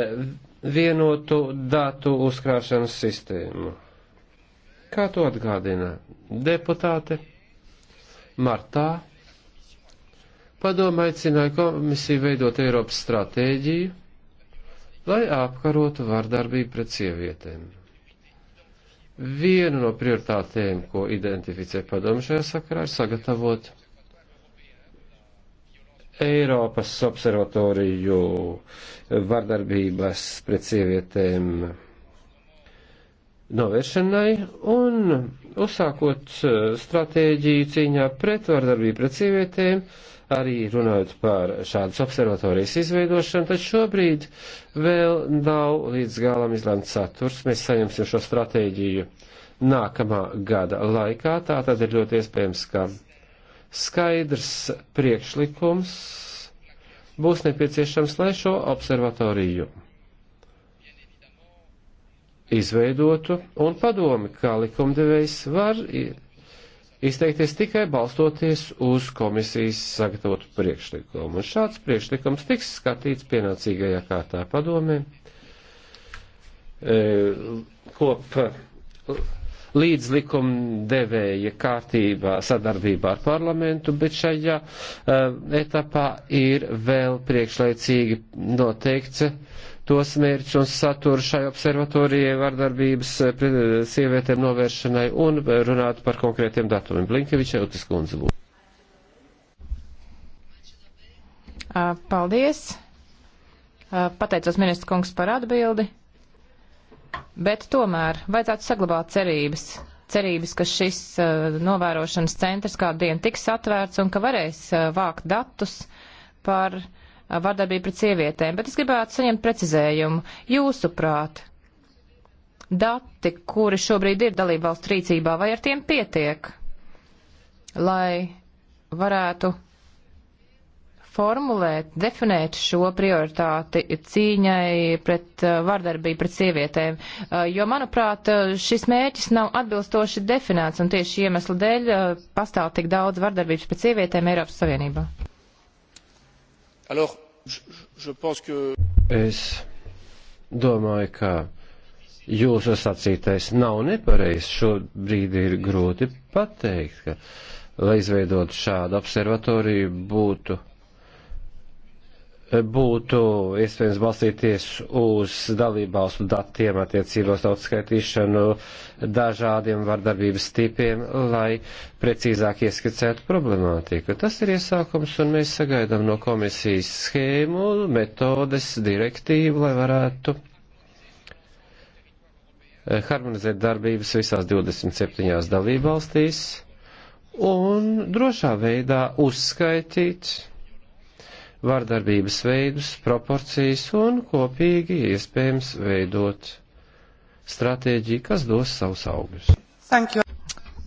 vienotu datu uzkrāšanas sistēmu. Kā to atgādina deputāte? Martā Padoma aicināja komisiju veidot Eiropas stratēģiju, lai apkarotu vardarbību pret sievietēm. Viena no prioritātēm, ko identificē padomu šajā sakarā, ir sagatavot Eiropas observatoriju vardarbības pret sievietēm novēršanai un uzsākot eh, stratēģiju cīņā pret vardarbību pret sievietēm, uh, arī runājot par šādas observatorijas izveidošanu, tad šobrīd vēl nav līdz galam izlemts saturs. Mēs saņemsim šo stratēģiju nākamā gada laikā, tā tad ir ļoti iespējams, ka skaidrs priekšlikums būs nepieciešams, lai šo observatoriju izveidotu, un padomi, kā likumdevējs var izteikties tikai balstoties uz komisijas sagatavotu priekšlikumu. Un šāds priekšlikums tiks skatīts pienācīgajā kārtā padomē e, kop līdzlikumdevēja kārtībā sadarbībā ar parlamentu, bet šajā e, etapā ir vēl priekšlaicīgi noteikts tos mērķus un saturu šai observatorijai vardarbības eh, pret sievietēm novēršanai un eh, runāt par konkrētiem datumiem. Blinkeviča Eutis Kundze būtu. Paldies. Pateicos ministrs kungs par atbildi. Bet tomēr vajadzētu saglabāt cerības. Cerības, ka šis uh, novērošanas centrs kādu dienu tiks atvērts un ka varēs uh, vākt datus par uh, vardarbību pret sievietēm, bet es gribētu saņemt precizējumu. Jūsuprāt, dati, kuri šobrīd ir dalību valsts rīcībā, vai ar tiem pietiek, lai varētu formulēt, definēt šo prioritāti cīņai pret uh, vardarbību pret sievietēm, uh, jo, manuprāt, uh, šis mērķis nav atbilstoši definēts, un tieši iemeslu dēļ pastāv tik daudz vardarbības pret sievietēm Eiropas Savienībā. Alors, je pense que... Es domāju, ka jūsu sacītais nav nepareizs. Šobrīd ir grūti pateikt, ka, lai izveidotu šādu observatoriju, būtu būtu iespējams balstīties uz dalībvalstu datiem attiecībos tautskaitīšanu dažādiem vardarbības tipiem, lai precīzāk ieskicētu problemātiku. Tas ir iesākums, un mēs sagaidām no komisijas schēmu, metodes, direktīvu, lai varētu harmonizēt darbības visās 27 dalībvalstīs un drošā veidā uzskaitīt vārdarbības veidus, proporcijas un kopīgi iespējams veidot stratēģiju, kas dos savus augļus.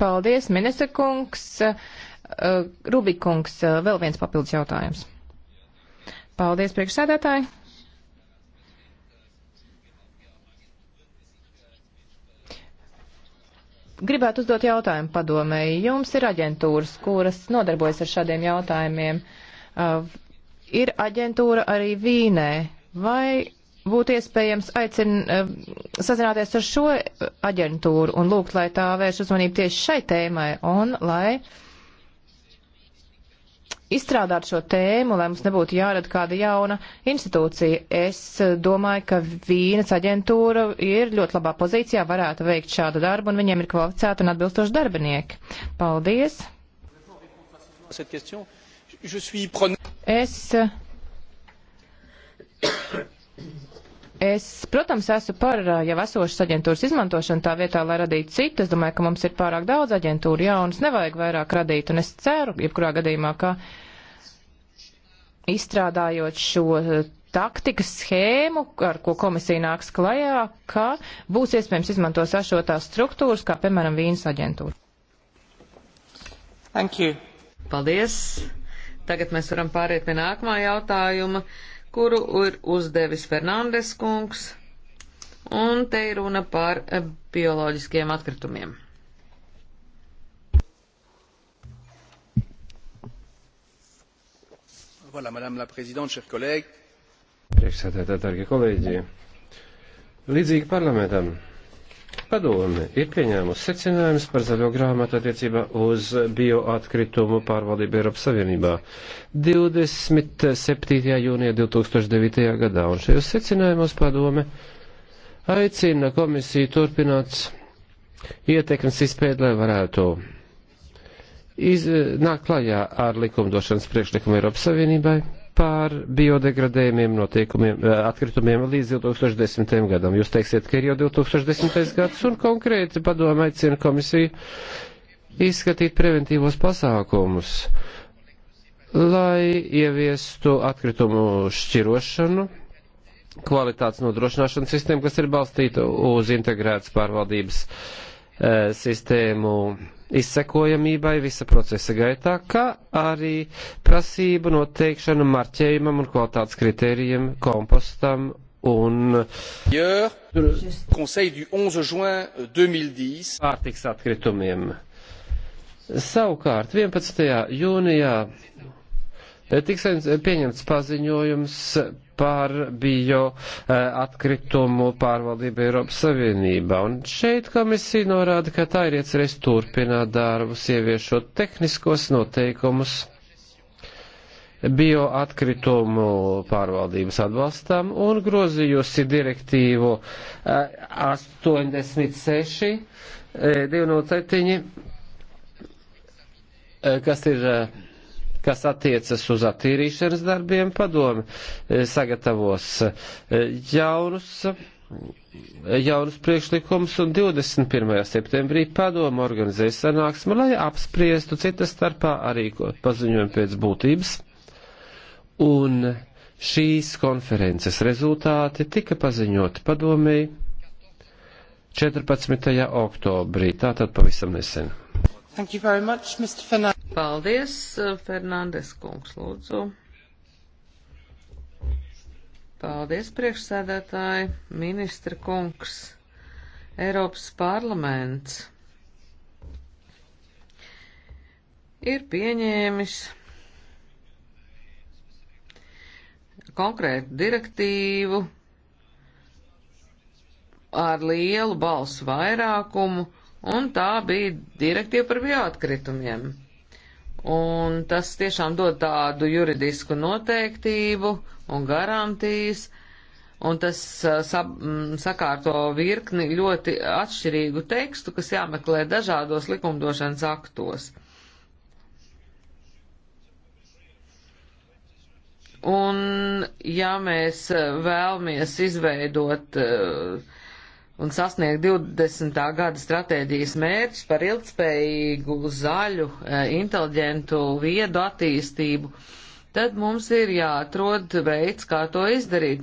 Paldies, ministra kungs. Uh, Rubikungs, uh, vēl viens papildus jautājums. Paldies, priekšsēdētāji. Gribētu uzdot jautājumu padomēji. Jums ir aģentūras, kuras nodarbojas ar šādiem jautājumiem. Uh, ir aģentūra arī Vīnē. Vai būtu iespējams aicin, eh, sazināties ar šo aģentūru un lūgt, lai tā vērš uzmanību tieši šai tēmai un lai izstrādāt šo tēmu, lai mums nebūtu jārada kāda jauna institūcija. Es eh, domāju, ka vīnas aģentūra ir ļoti labā pozīcijā, varētu veikt šādu darbu, un viņiem ir kvalificēti un atbilstoši darbinieki. Paldies! Cette question. Es, es, protams, esmu par jau esošas aģentūras izmantošanu tā vietā, lai radītu citu. Es domāju, ka mums ir pārāk daudz aģentūru jaunas, nevajag vairāk radīt, un es ceru, jebkurā gadījumā, ka izstrādājot šo taktikas schēmu, ar ko komisija nāks klajā, ka būs iespējams izmantot sašotās struktūras, kā piemēram vīnas aģentūra. Thank you. Paldies. Tagad mēs varam pāriet pie nākamā jautājuma, kuru ir uzdevis Fernandes kungs, un te ir runa par eh, bioloģiskiem atkritumiem. Voilà, Madame la Présidente, chers collègues. Priekšsēdētāji, darbie kolēģi, līdzīgi parlamentam Padome ir pieņēmusi secinājumus par zaļo grāmatu attiecībā uz bioatkritumu pārvaldību Eiropas Savienībā 27. jūnija 2009. gadā, un šajos secinājumos padome aicina komisiju turpināt ietekmes izpēdi, lai varētu iz, nāk klajā ar likumdošanas priekšlikumu Eiropas Savienībai par biodegradējumiem notiekumiem, eh, atkritumiem līdz 2010. gadam. Jūs teiksiet, ka ir jau 2010. gads un konkrēti padomē aicina komisiju izskatīt preventīvos pasākumus, lai ieviestu atkritumu šķirošanu, kvalitātes nodrošināšanas sistēmu, kas ir balstīta uz integrētas pārvaldības e, sistēmu izsekojamībai visa procesa gaitā, kā arī prasību noteikšanu marķējumam un kvalitātes kritērijiem kompostam un pārtiks atkritumiem. Savukārt 11. jūnijā Eh, tiks eh, pieņemts paziņojums par bio eh, atkritumu pārvaldību Eiropas Savienībā. Un šeit komisija norāda, ka tā ir iecerējusi turpināt darbus, ieviešot tehniskos noteikumus bioatkritumu pārvaldības atbalstam un grozījusi direktīvu 86, 207, kas ir kas attiecas uz attīrīšanas darbiem, padomi e, sagatavos e, jaunus e, jaunus priekšlikumus, un 21. septembrī padomu organizēja sanāksmu, lai apspriestu citas starpā arī paziņojumu pēc būtības. Un šīs konferences rezultāti tika paziņoti padomēji 14. oktobrī, tātad pavisam nesen. Much, Paldies, uh, Fernandes kungs, lūdzu. Paldies, priekšsēdētāji, ministra kungs, Eiropas parlaments ir pieņēmis konkrētu direktīvu ar lielu balsu vairākumu, un tā bija direktīva par bioatkritumiem. Un tas tiešām dod tādu juridisku noteiktību un garantijas, un tas sab, sakārto virkni ļoti atšķirīgu tekstu, kas jāmeklē dažādos likumdošanas aktos. Un ja mēs vēlamies izveidot uh, un sasniegt 20. gada stratēģijas mērķus par ilgspējīgu, zaļu, eh, inteliģentu, viedu attīstību, tad mums ir jāatrod veids, kā to izdarīt.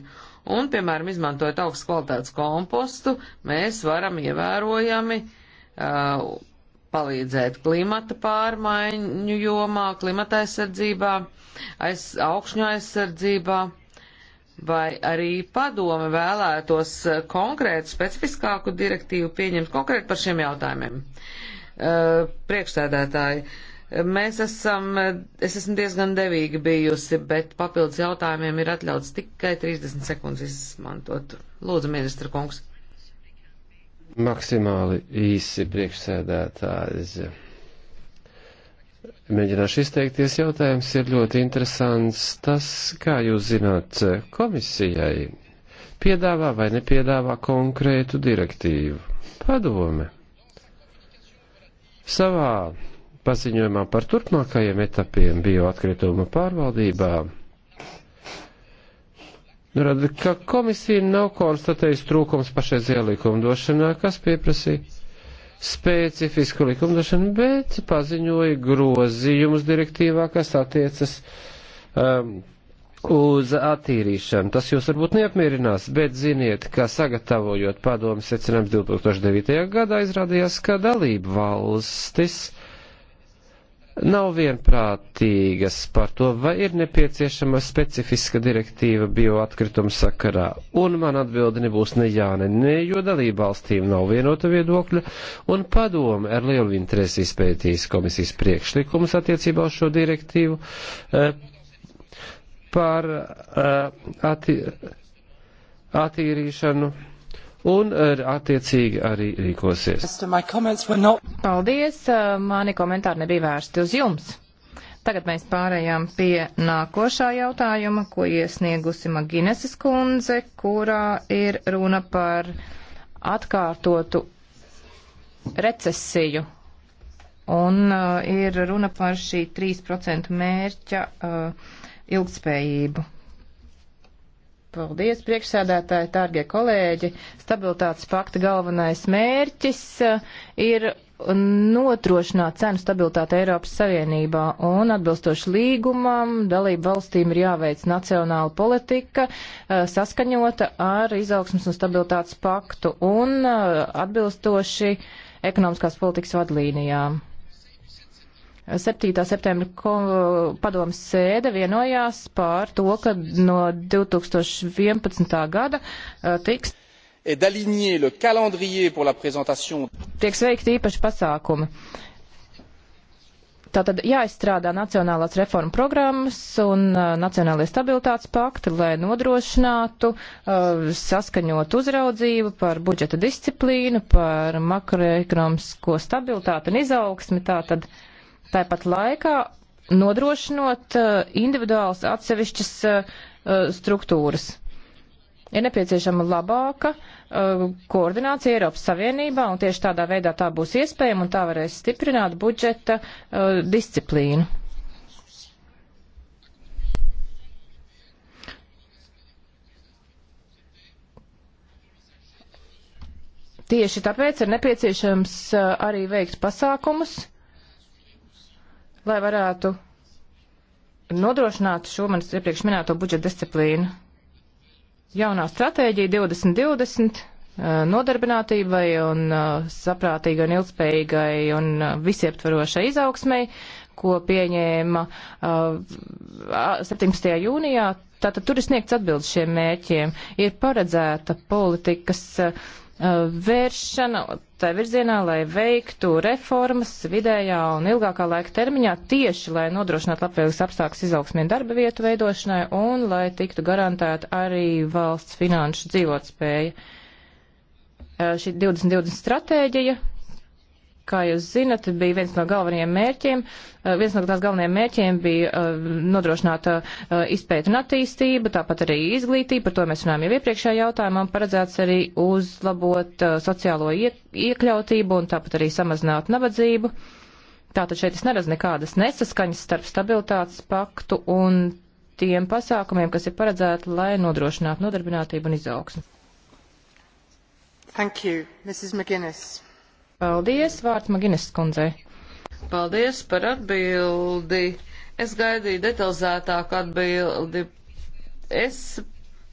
Un, piemēram, izmantojot augstu kvalitātes kompostu, mēs varam ievērojami uh, palīdzēt klimata pārmaiņu jomā, klimata aizsardzībā, aiz, augšņu aizsardzībā vai arī padome vēlētos eh, konkrētu, specifiskāku direktīvu pieņemt konkrēti par šiem jautājumiem. Eh, priekšsēdētāji, mēs esam, eh, es esmu diezgan devīga bijusi, bet papildus jautājumiem ir atļauts tikai 30 sekundes izmantot. Lūdzu, ministra kungs. Maksimāli īsi priekšsēdētājs. Mēģināšu izteikties. Jautājums ir ļoti interesants. Tas, kā jūs zināt, komisijai piedāvā vai nepiedāvā konkrētu direktīvu. Padome savā paziņojumā par turpmākajiem etapiem bioatkrituma pārvaldībā norāda, ka komisija nav konstatējusi trūkums pašreizajā likumdošanā, kas pieprasīja specifisku likumdošanu, bet paziņoja grozījumus direktīvā, kas attiecas um, uz attīrīšanu. Tas jūs varbūt neapmierinās, bet ziniet, ka sagatavojot padomu secinājums 2009. gadā izrādījās, ka dalība valstis uh, nav vienprātīgas par to, vai ir nepieciešama specifiska direktīva bioatkritumu sakarā. Un man atbildi nebūs ne jā, ne nē, jo dalībvalstīm nav vienota viedokļa, un padome ar lielu interesi izpētīs komisijas priekšlikumus attiecībā uz šo direktīvu eh, par eh, attīrīšanu. Ati, un ar attiecīgi arī rīkosies. Paldies, mani komentāri nebija vērsti uz jums. Tagad mēs pārējām pie nākošā jautājuma, ko iesniegusi Magineses kundze, kurā ir runa par atkārtotu recesiju. Un uh, ir runa par šī 3% mērķa uh, ilgspējību. Paldies, priekšsēdētāji, tārgie kolēģi. Stabilitātes pakta galvenais mērķis eh, ir notrošināt cenu stabilitāti Eiropas Savienībā un atbilstoši līgumam dalību valstīm ir jāveic nacionāla politika eh, saskaņota ar izaugsmas un stabilitātes paktu un eh, atbilstoši ekonomiskās politikas vadlīnijām. 7. septembra padomas sēde vienojās pār to, ka no 2011. gada uh, tiks. Tiek veikti īpaši pasākumi. Tātad jāizstrādā nacionālās reformu programmas un uh, nacionālajie stabilitātes pakti, lai nodrošinātu uh, saskaņot uzraudzību par budžeta disciplīnu, par makroekonomisko stabilitāti un izaugsmi. Tātad uh, tāpat laikā nodrošinot uh, individuāls atsevišķas uh, uh, struktūras. Ir nepieciešama labāka koordinācija Eiropas Savienībā, un tieši tādā veidā tā būs iespējama, un tā varēs stiprināt budžeta disciplīnu. Tieši tāpēc ir nepieciešams arī veikt pasākumus, lai varētu nodrošināt šo manis iepriekš minēto budžeta disciplīnu. Jaunā stratēģija 2020 eh, nodarbinātībai un eh, saprātīgai un ilgspējīgai un eh, visieptvarošai izaugsmai, ko pieņēma 17. jūnijā. Tātad tur ir sniegts atbildes šiem mērķiem. Ir paredzēta politikas uh, Uh, vēršana tā virzienā, lai veiktu reformas vidējā un ilgākā laika termiņā tieši, lai nodrošinātu labvēlīgus apstākļus izaugsmē darba vietu veidošanai un lai tiktu garantēta arī valsts finanšu dzīvotspēja. Uh, šī 2020 stratēģija kā jūs zinat, bija viens no galvenajiem mērķiem, eh, viens no tās galvenajiem mērķiem bija eh, nodrošināt eh, izpēt un attīstību, tāpat arī izglītību, par to mēs runājam jau iepriekšējā jautājumā, paredzēts arī uzlabot sociālo iekļautību un tāpat arī samazināt nabadzību. Tātad šeit es neredzu nekādas nesaskaņas starp stabilitātes paktu un tiem pasākumiem, kas ir paredzēti, lai nodrošinātu nodarbinātību un izaugsmu. Thank you, Mrs. McGuinness. Paldies, vārds Maginas skundzei. Paldies par atbildi. Es gaidīju detalizētāku atbildi. Es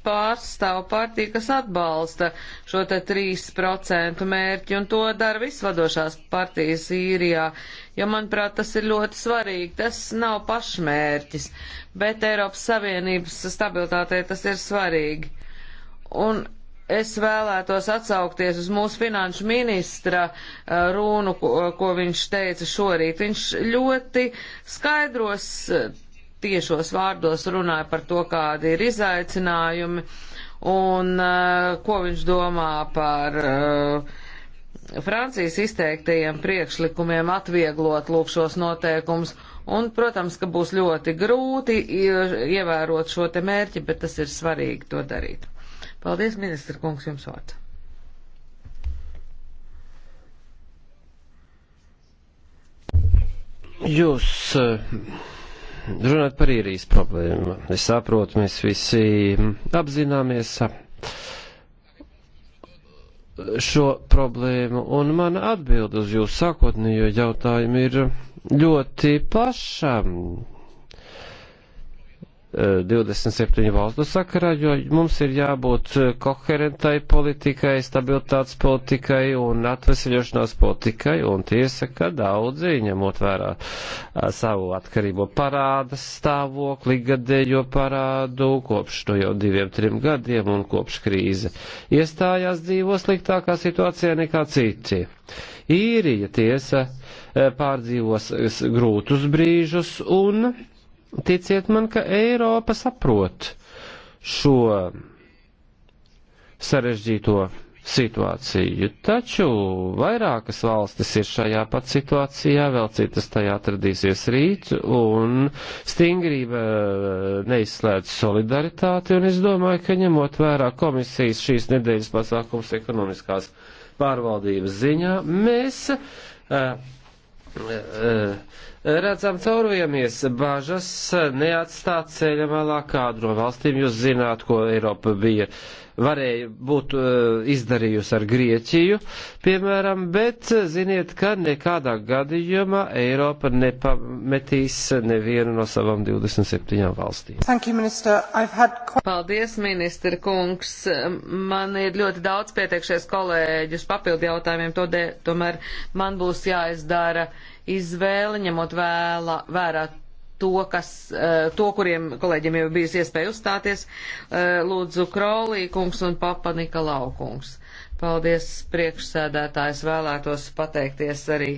pārstāvu partiju, kas atbalsta šo te 3% mērķi, un to dara visvadošās partijas īrijā, jo, manuprāt, tas ir ļoti svarīgi. Tas nav pašmērķis, bet Eiropas Savienības stabilitātei tas ir svarīgi. Un Es vēlētos atsaukties uz mūsu finanšu ministra uh, runu, ko, uh, ko viņš teica šorīt. Viņš ļoti skaidros uh, tiešos vārdos runāja par to, kādi ir izaicinājumi un ko viņš domā par Francijas izteiktajiem priekšlikumiem atvieglot lūkšos noteikums. Un, protams, ka būs ļoti grūti ievērot šo te mērķi, bet tas ir svarīgi to darīt. Paldies, ministra kungs, jums vārds. Jūs eh, runāt par īrijas problēmu. Es saprotu, mēs visi apzināmies šo problēmu, un mana atbilde uz jūsu sākotnējo jautājumu ir ļoti plaša 27 valstu sakarā, jo mums ir jābūt koherentai politikai, stabilitātes politikai un atveseļošanās politikai, un tiesa, ka daudzi, ņemot vērā savu atkarību parādas stāvokli, gadējo parādu, kopš no nu jau diviem, trim gadiem un kopš krīze, iestājās dzīvo sliktākā situācijā nekā citi. Īrija tiesa pārdzīvos grūtus brīžus un Ticiet man, ka Eiropa saprot šo sarežģīto situāciju. Taču vairākas valstis ir šajā pat situācijā, vēl citas tajā atradīsies rīt, un stingrība eh, neizslēdz solidaritāti, un es domāju, ka ņemot vērā komisijas šīs nedēļas pasākums ekonomiskās pārvaldības ziņā, mēs. Uh, uh, redzam caurviemies bažas neatstāt ceļa malā kādu no valstīm. Jūs zināt, ko Eiropa bija varēja būt eh, izdarījusi ar Grieķiju, piemēram, bet ziniet, ka nekādā gadījumā Eiropa nepametīs nevienu no savām 27 valstīm. You, minister. Had... Paldies, ministra kungs. Man ir ļoti daudz pieteikšies kolēģus papildu jautājumiem, todēļ tomēr man būs jāizdara izvēle, ņemot vēla, vērā to, kas, eh, to, kuriem kolēģiem jau bijusi iespēja uzstāties, eh, lūdzu Krolī kungs un Papa Nikolau kungs. Paldies priekšsēdētājs vēlētos pateikties arī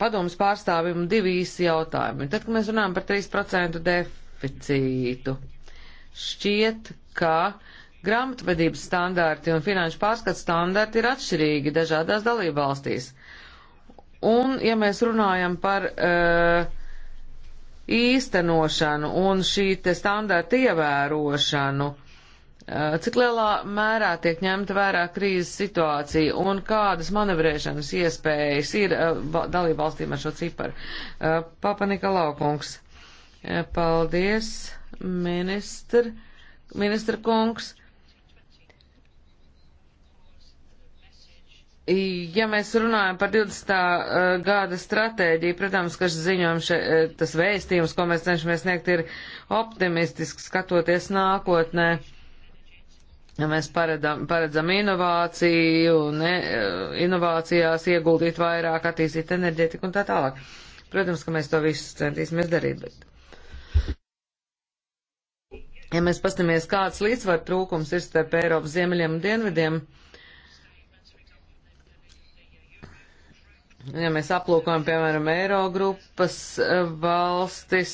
padomus pārstāvim divi īsi jautājumi. Tad, kad mēs runājam par 3% deficītu, šķiet, ka uh, Grāmatvedības standarti un finanšu pārskats standarti ir atšķirīgi dažādās dalībvalstīs. Un, ja mēs runājam par uh, īstenošanu un šī te standarta ievērošanu, uh, cik lielā mērā tiek ņemta vērā krīzes situācija un kādas manevrēšanas iespējas ir uh, dalībvalstīm ar šo ciparu? Uh, Papa Nikolaukungs. Paldies, ministr, ministra kungs. Ja mēs runājam par 20. Eh, gada stratēģiju, protams, ka ziņojums, eh, tas vēstījums, ko mēs cenšamies sniegt, ir optimistisks skatoties nākotnē. Ja mēs paredam, paredzam inovāciju, ne, eh, inovācijās ieguldīt vairāk, attīstīt enerģētiku un tā tālāk. Protams, ka mēs to visu centīsimies darīt, bet. Ja mēs pastamies, kāds līdzvar trūkums ir starp Eiropas ziemeļiem un dienvidiem, uh, Ja mēs aplūkojam, piemēram, Eirogrupas eh, valstis,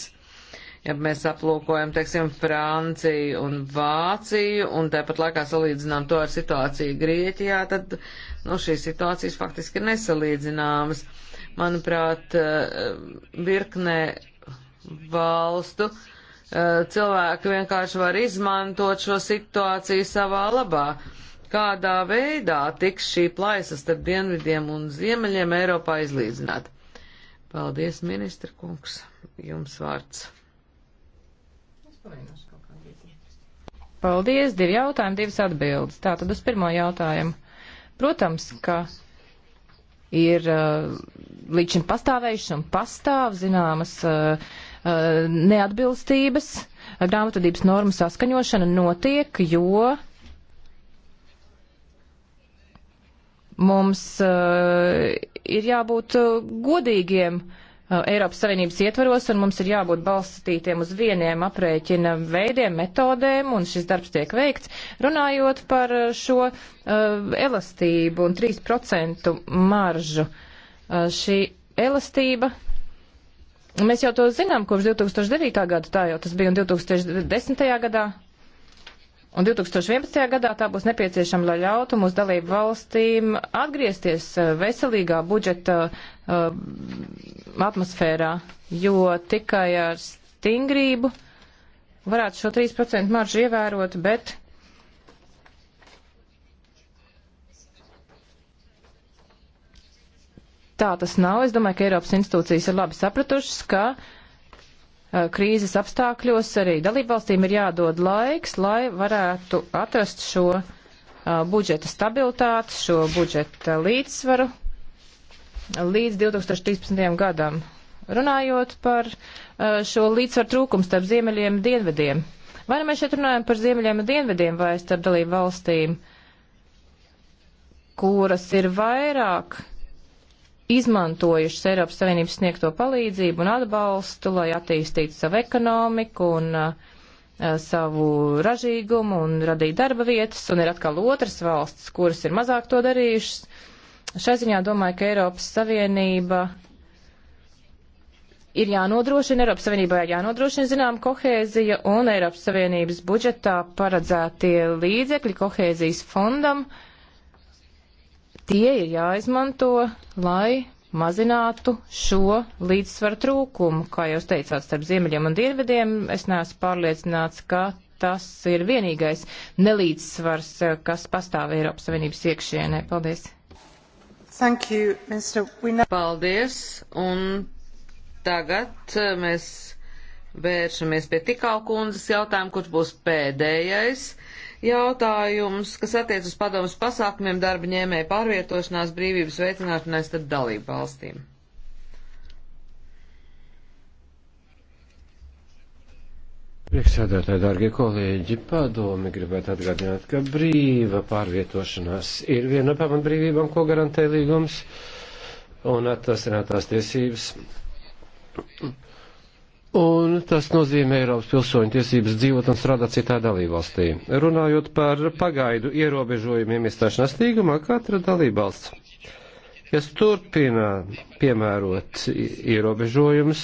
ja mēs aplūkojam, teiksim, Franciju un Vāciju, un tāpat laikā salīdzinām to ar situāciju Grieķijā, tad, nu, šīs situācijas faktiski ir nesalīdzināmas. Manuprāt, eh, virknē valstu eh, cilvēki vienkārši var izmantot šo situāciju savā labā. Uh, kādā veidā tiks šī plaisa starp dienvidiem un ziemeļiem Eiropā izlīdzināta. Paldies, ministra kungs, jums vārds. Paldies, divi jautājumi, divas atbildes. Tātad uz pirmo jautājumu. Protams, ka ir uh, līdz šim pastāvējušas un pastāv zināmas uh, uh, neatbilstības. Grāmatvedības normu saskaņošana notiek, jo Mums uh, ir jābūt eh, godīgiem uh, Eiropas Savienības ietvaros, un mums ir jābūt balstītiem uz vieniem aprēķina veidiem, metodēm, un šis darbs tiek veikts. Runājot par šo uh, elastību un 3% maržu, uh, šī elastība Mēs jau to zinām kopš 2009. gada, tā jau tas bija un 2010. gadā Un 2011. gadā tā būs nepieciešama, lai ļautu mūsu dalību valstīm atgriezties eh, veselīgā budžeta uh, atmosfērā, jo tikai ar stingrību varētu šo 3% maržu ievērot, bet tā tas nav. Es domāju, ka Eiropas institūcijas ir labi sapratušas, ka uh, Eh, krīzes apstākļos arī dalībvalstīm ir jādod laiks, lai varētu atrast šo eh, budžeta stabilitāti, šo budžeta līdzsvaru līdz 2013. gadam. Runājot par eh, šo līdzsvaru trūkumu starp ziemeļiem un dienvediem. Vai nu mēs šeit runājam par ziemeļiem un dienvediem vai starp dalību valstīm, kuras ir vairāk izmantojušas Eiropas Savienības sniegto palīdzību un atbalstu, lai attīstītu savu ekonomiku un uh, uh, savu ražīgumu un radītu darba vietas, un ir atkal otras valsts, kuras ir mazāk to darījušas. Šai ziņā domāju, ka Eiropas Savienība ir jānodrošina, Eiropas Savienībā ir jānodrošina, zinām, kohēzija un Eiropas Savienības budžetā paredzētie līdzekļi kohēzijas fondam uh, Tie ir jāizmanto, lai mazinātu šo līdzsvaru trūkumu. Kā jūs teicāt, starp ziemeļiem un dienvidiem es neesmu pārliecināts, ka tas ir vienīgais nelīdzsvars, kas pastāv Eiropas Savienības iekšienē. Paldies! Thank you, Mr. Winner. Paldies, un tagad eh, mēs vēršamies pie tikā kundzes jautājumu, kurš būs pēdējais. Jautājums, kas attiec uz padomus pasākumiem darba ņēmēja pārvietošanās brīvības veicināšanai starp dalību valstīm. Priekšsēdētāji, dārgie kolēģi, padomi gribētu atgādināt, ka brīva pārvietošanās ir viena no pamatbrīvībām, ko garantē līgums un atrastinātās tiesības Un tas nozīmē Eiropas pilsoņu tiesības dzīvot un strādāt citā dalībvalstī. Runājot par pagaidu ierobežojumiem iestāšanās līgumā, katra dalībvalsts kas turpina piemērot ierobežojumus,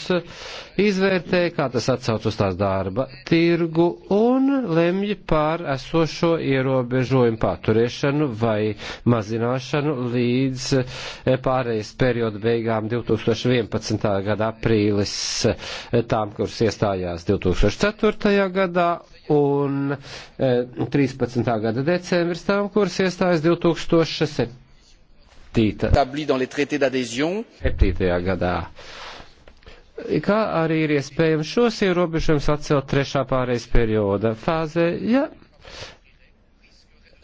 izvērtē, kā tas atsauc uz tās darba tirgu un lemj pār esošo ierobežojumu paturēšanu vai mazināšanu līdz eh, pārējais perioda beigām 2011. gada aprīlis eh, tām, kuras iestājās 2004. gadā un 13. Eh, gada decembris tām, kuras iestājas 2007. 2007. gadā kā arī ir iespējams šos ierobežojumus atcelt trešā pārejas perioda fāzē, ja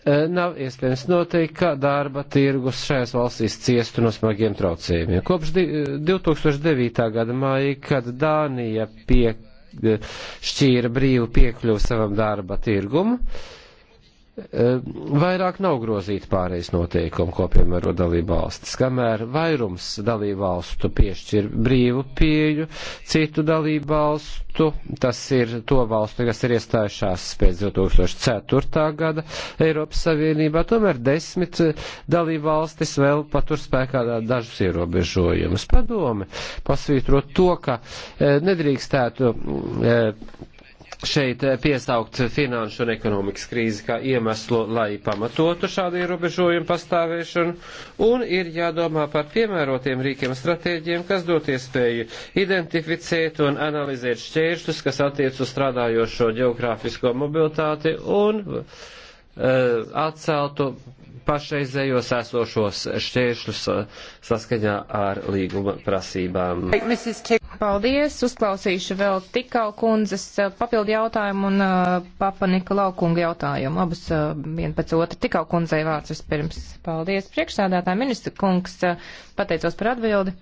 e, nav iespējams noteikt, ka darba tirgus šajās valstīs ciestu no smagiem traucējumiem. Kopš 2009. E, gada māja, kad Dānija pie, e, šķīra brīvu piekļuvu savam darba tirgumu, Eh, vairāk nav grozīti pārējais noteikumi, ko piemēro dalībvalstis, kamēr vairums dalībvalstu piešķir brīvu pieju citu dalībvalstu, tas ir to valstu, kas ir iestājušās pēc 2004. gada Eiropas Savienībā, tomēr desmit dalībvalstis vēl patur spēkā dažus ierobežojumus. Padomi pasvītrot to, ka eh, nedrīkstētu eh, šeit eh, piesaukt finanšu un ekonomikas krīzi kā iemeslu, lai pamatotu šādu ierobežojumu pastāvēšanu, un ir jādomā par piemērotiem rīkiem stratēģiem, kas dot iespēju identificēt un analizēt šķēršļus, kas attiec uz strādājošo geogrāfisko mobilitāti un uh, atceltu pašreizējos esošos šķēršļus uh, saskaņā ar līguma prasībām. Paldies, uzklausīšu vēl tikau kundzes uh, papildu jautājumu un uh, papa Nikolau kunga jautājumu. Abas uh, vien pēc otra tikau kundzei vārds vispirms. Paldies, priekšsādātāji ministra kungs, uh, pateicos par atbildi.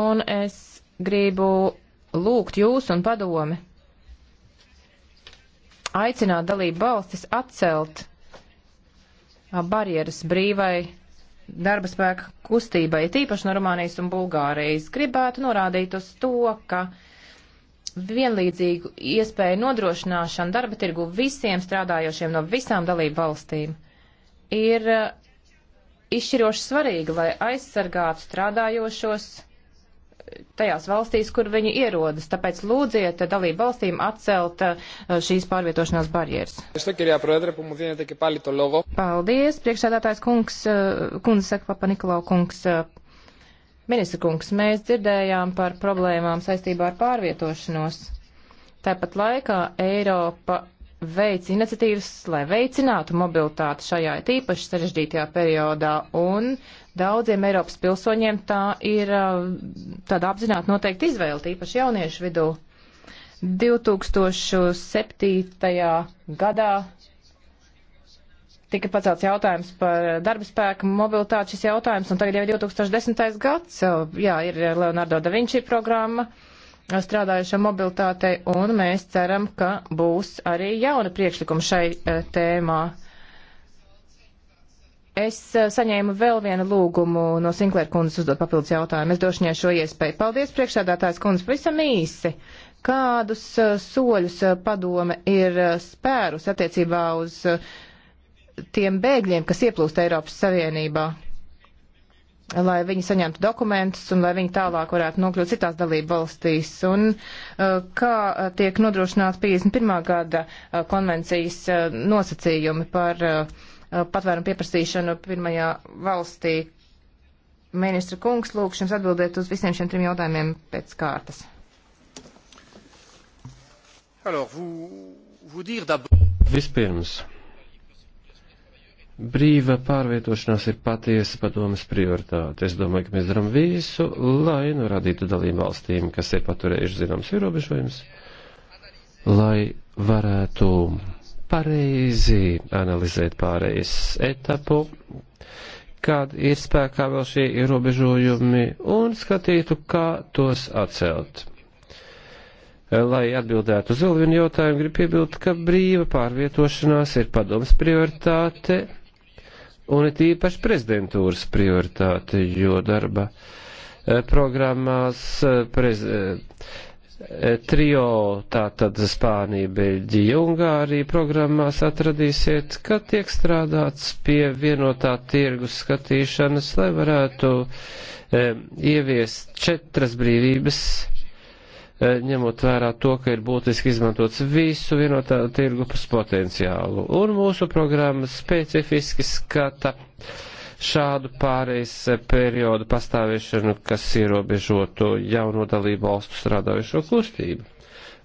Un es gribu lūgt jūs un padomi aicināt dalību valstis atcelt uh, barjeras brīvai darba spēka kustībai, tīpaši no Rumānijas un Bulgārijas. Gribētu norādīt uz to, ka vienlīdzīgu iespēju nodrošināšana darba tirgu visiem strādājošiem no visām dalību valstīm ir uh, izšķiroši svarīga, lai aizsargātu strādājošos tajās valstīs, kur viņi ierodas. Tāpēc lūdziet dalību valstīm atcelt uh, šīs pārvietošanās barjeras. Paldies, priekšsēdētājs kungs, uh, kundze saka papa Nikolau kungs. Uh, ministra kungs, mēs dzirdējām par problēmām saistībā ar pārvietošanos. Tāpat laikā Eiropa veic iniciatīvas, lai veicinātu mobilitāti šajā tīpaši sarežģītajā periodā, un daudziem Eiropas pilsoņiem tā ir uh, tāda apzināta noteikti izvēle, tīpaši jauniešu vidū. 2007. gadā tika pacelts jautājums par darba spēku mobilitāti šis jautājums, un tagad jau ir 2010. gads, uh, jā, ir Leonardo da Vinci programma. Uh, strādājušo mobilitātei, un mēs ceram, ka būs arī jauna priekšlikuma šai eh, tēmā. Es eh, saņēmu vēl vienu lūgumu no Sinklēra kundzes uzdot papildus jautājumu. Es došu viņai šo iespēju. Paldies, priekšsēdātājs kundze, pavisam īsi. Kādus eh, soļus padome ir spērus attiecībā uz tiem bēgļiem, kas ieplūst Eiropas Savienībā? lai viņi saņemtu dokumentus un lai viņi tālāk varētu nokļūt citās dalību valstīs. Un uh, kā uh, tiek nodrošināts 51. gada uh, konvencijas nosacījumi par patvērumu pieprasīšanu pirmajā valstī. Ministra kungs, lūkšu jums atbildēt uz visiem šiem trim jautājumiem pēc kārtas. Alors, vous, vous dire Vispirms, Brīva pārvietošanās ir patiesa padomas prioritāte. Es domāju, ka mēs darām visu, lai norādītu dalību valstīm, kas ir paturējuši zināms ierobežojums, lai varētu pareizi analizēt pārējais etapu, kad ir spēkā vēl šie ierobežojumi, un skatītu, kā tos atcelt. Lai atbildētu uz vēl vienu jautājumu, gribu piebilst, ka brīva pārvietošanās ir padomas prioritāte un it īpaši prezidentūras prioritāte, jo darba eh, programmās eh, prez, eh, trio, tātad Spānija, Beļģija, Ungārija programmās atradīsiet, ka tiek strādāts pie vienotā tirgus skatīšanas, lai varētu e, ieviest četras brīvības Eh, ņemot vērā to, ka ir būtiski izmantots visu vienotā tirgus potenciālu. Un mūsu programma specifiski skata šādu pārejas eh, periodu pastāvēšanu, kas ierobežotu jauno dalību valstu strādājušo kustību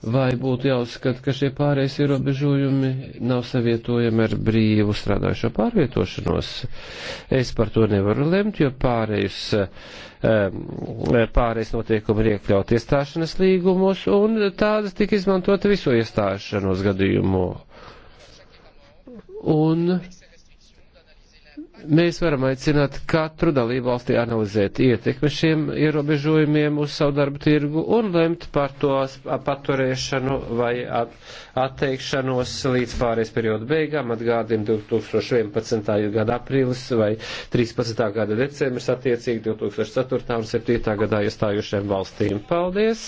vai būtu jāuzskata, ka šie pārējais ierobežojumi nav savietojami ar brīvu strādājušo pārvietošanos. Es par to nevaru lemt, jo pārējus, pārējais notiekumi ir iekļauti iestāšanas līgumos, un tādas tika izmantota visu iestāšanos gadījumu. Un Mēs varam aicināt katru dalību valstī analizēt ietekmi šiem ierobežojumiem uz savu darbu tirgu un lemt par to paturēšanu vai at, atteikšanos līdz pārējais periodu beigām. Atgādījum 2011. gada aprīlis vai 13. gada decembris attiecīgi 2004. un 2007. gadā iestājušiem valstīm. Paldies!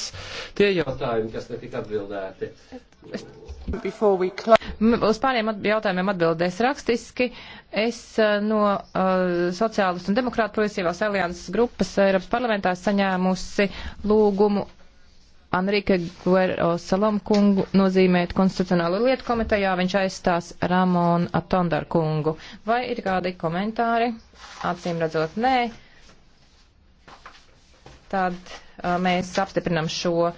Tie jautājumi, kas netika atbildēti. Es, es... Uz pāriem at jautājumiem atbildēs rakstiski. Es eh, no uh, Sociālistu un Demokrātu progresīvās alianses grupas Eiropas parlamentā saņēmusi lūgumu Anrika Guero Salom kungu nozīmēt konstitucionālo lietu komitejā. Viņš aizstās Ramonu Atondar kungu. Vai ir kādi komentāri? Acīm redzot, nē. Tad uh, mēs apstiprinam šo.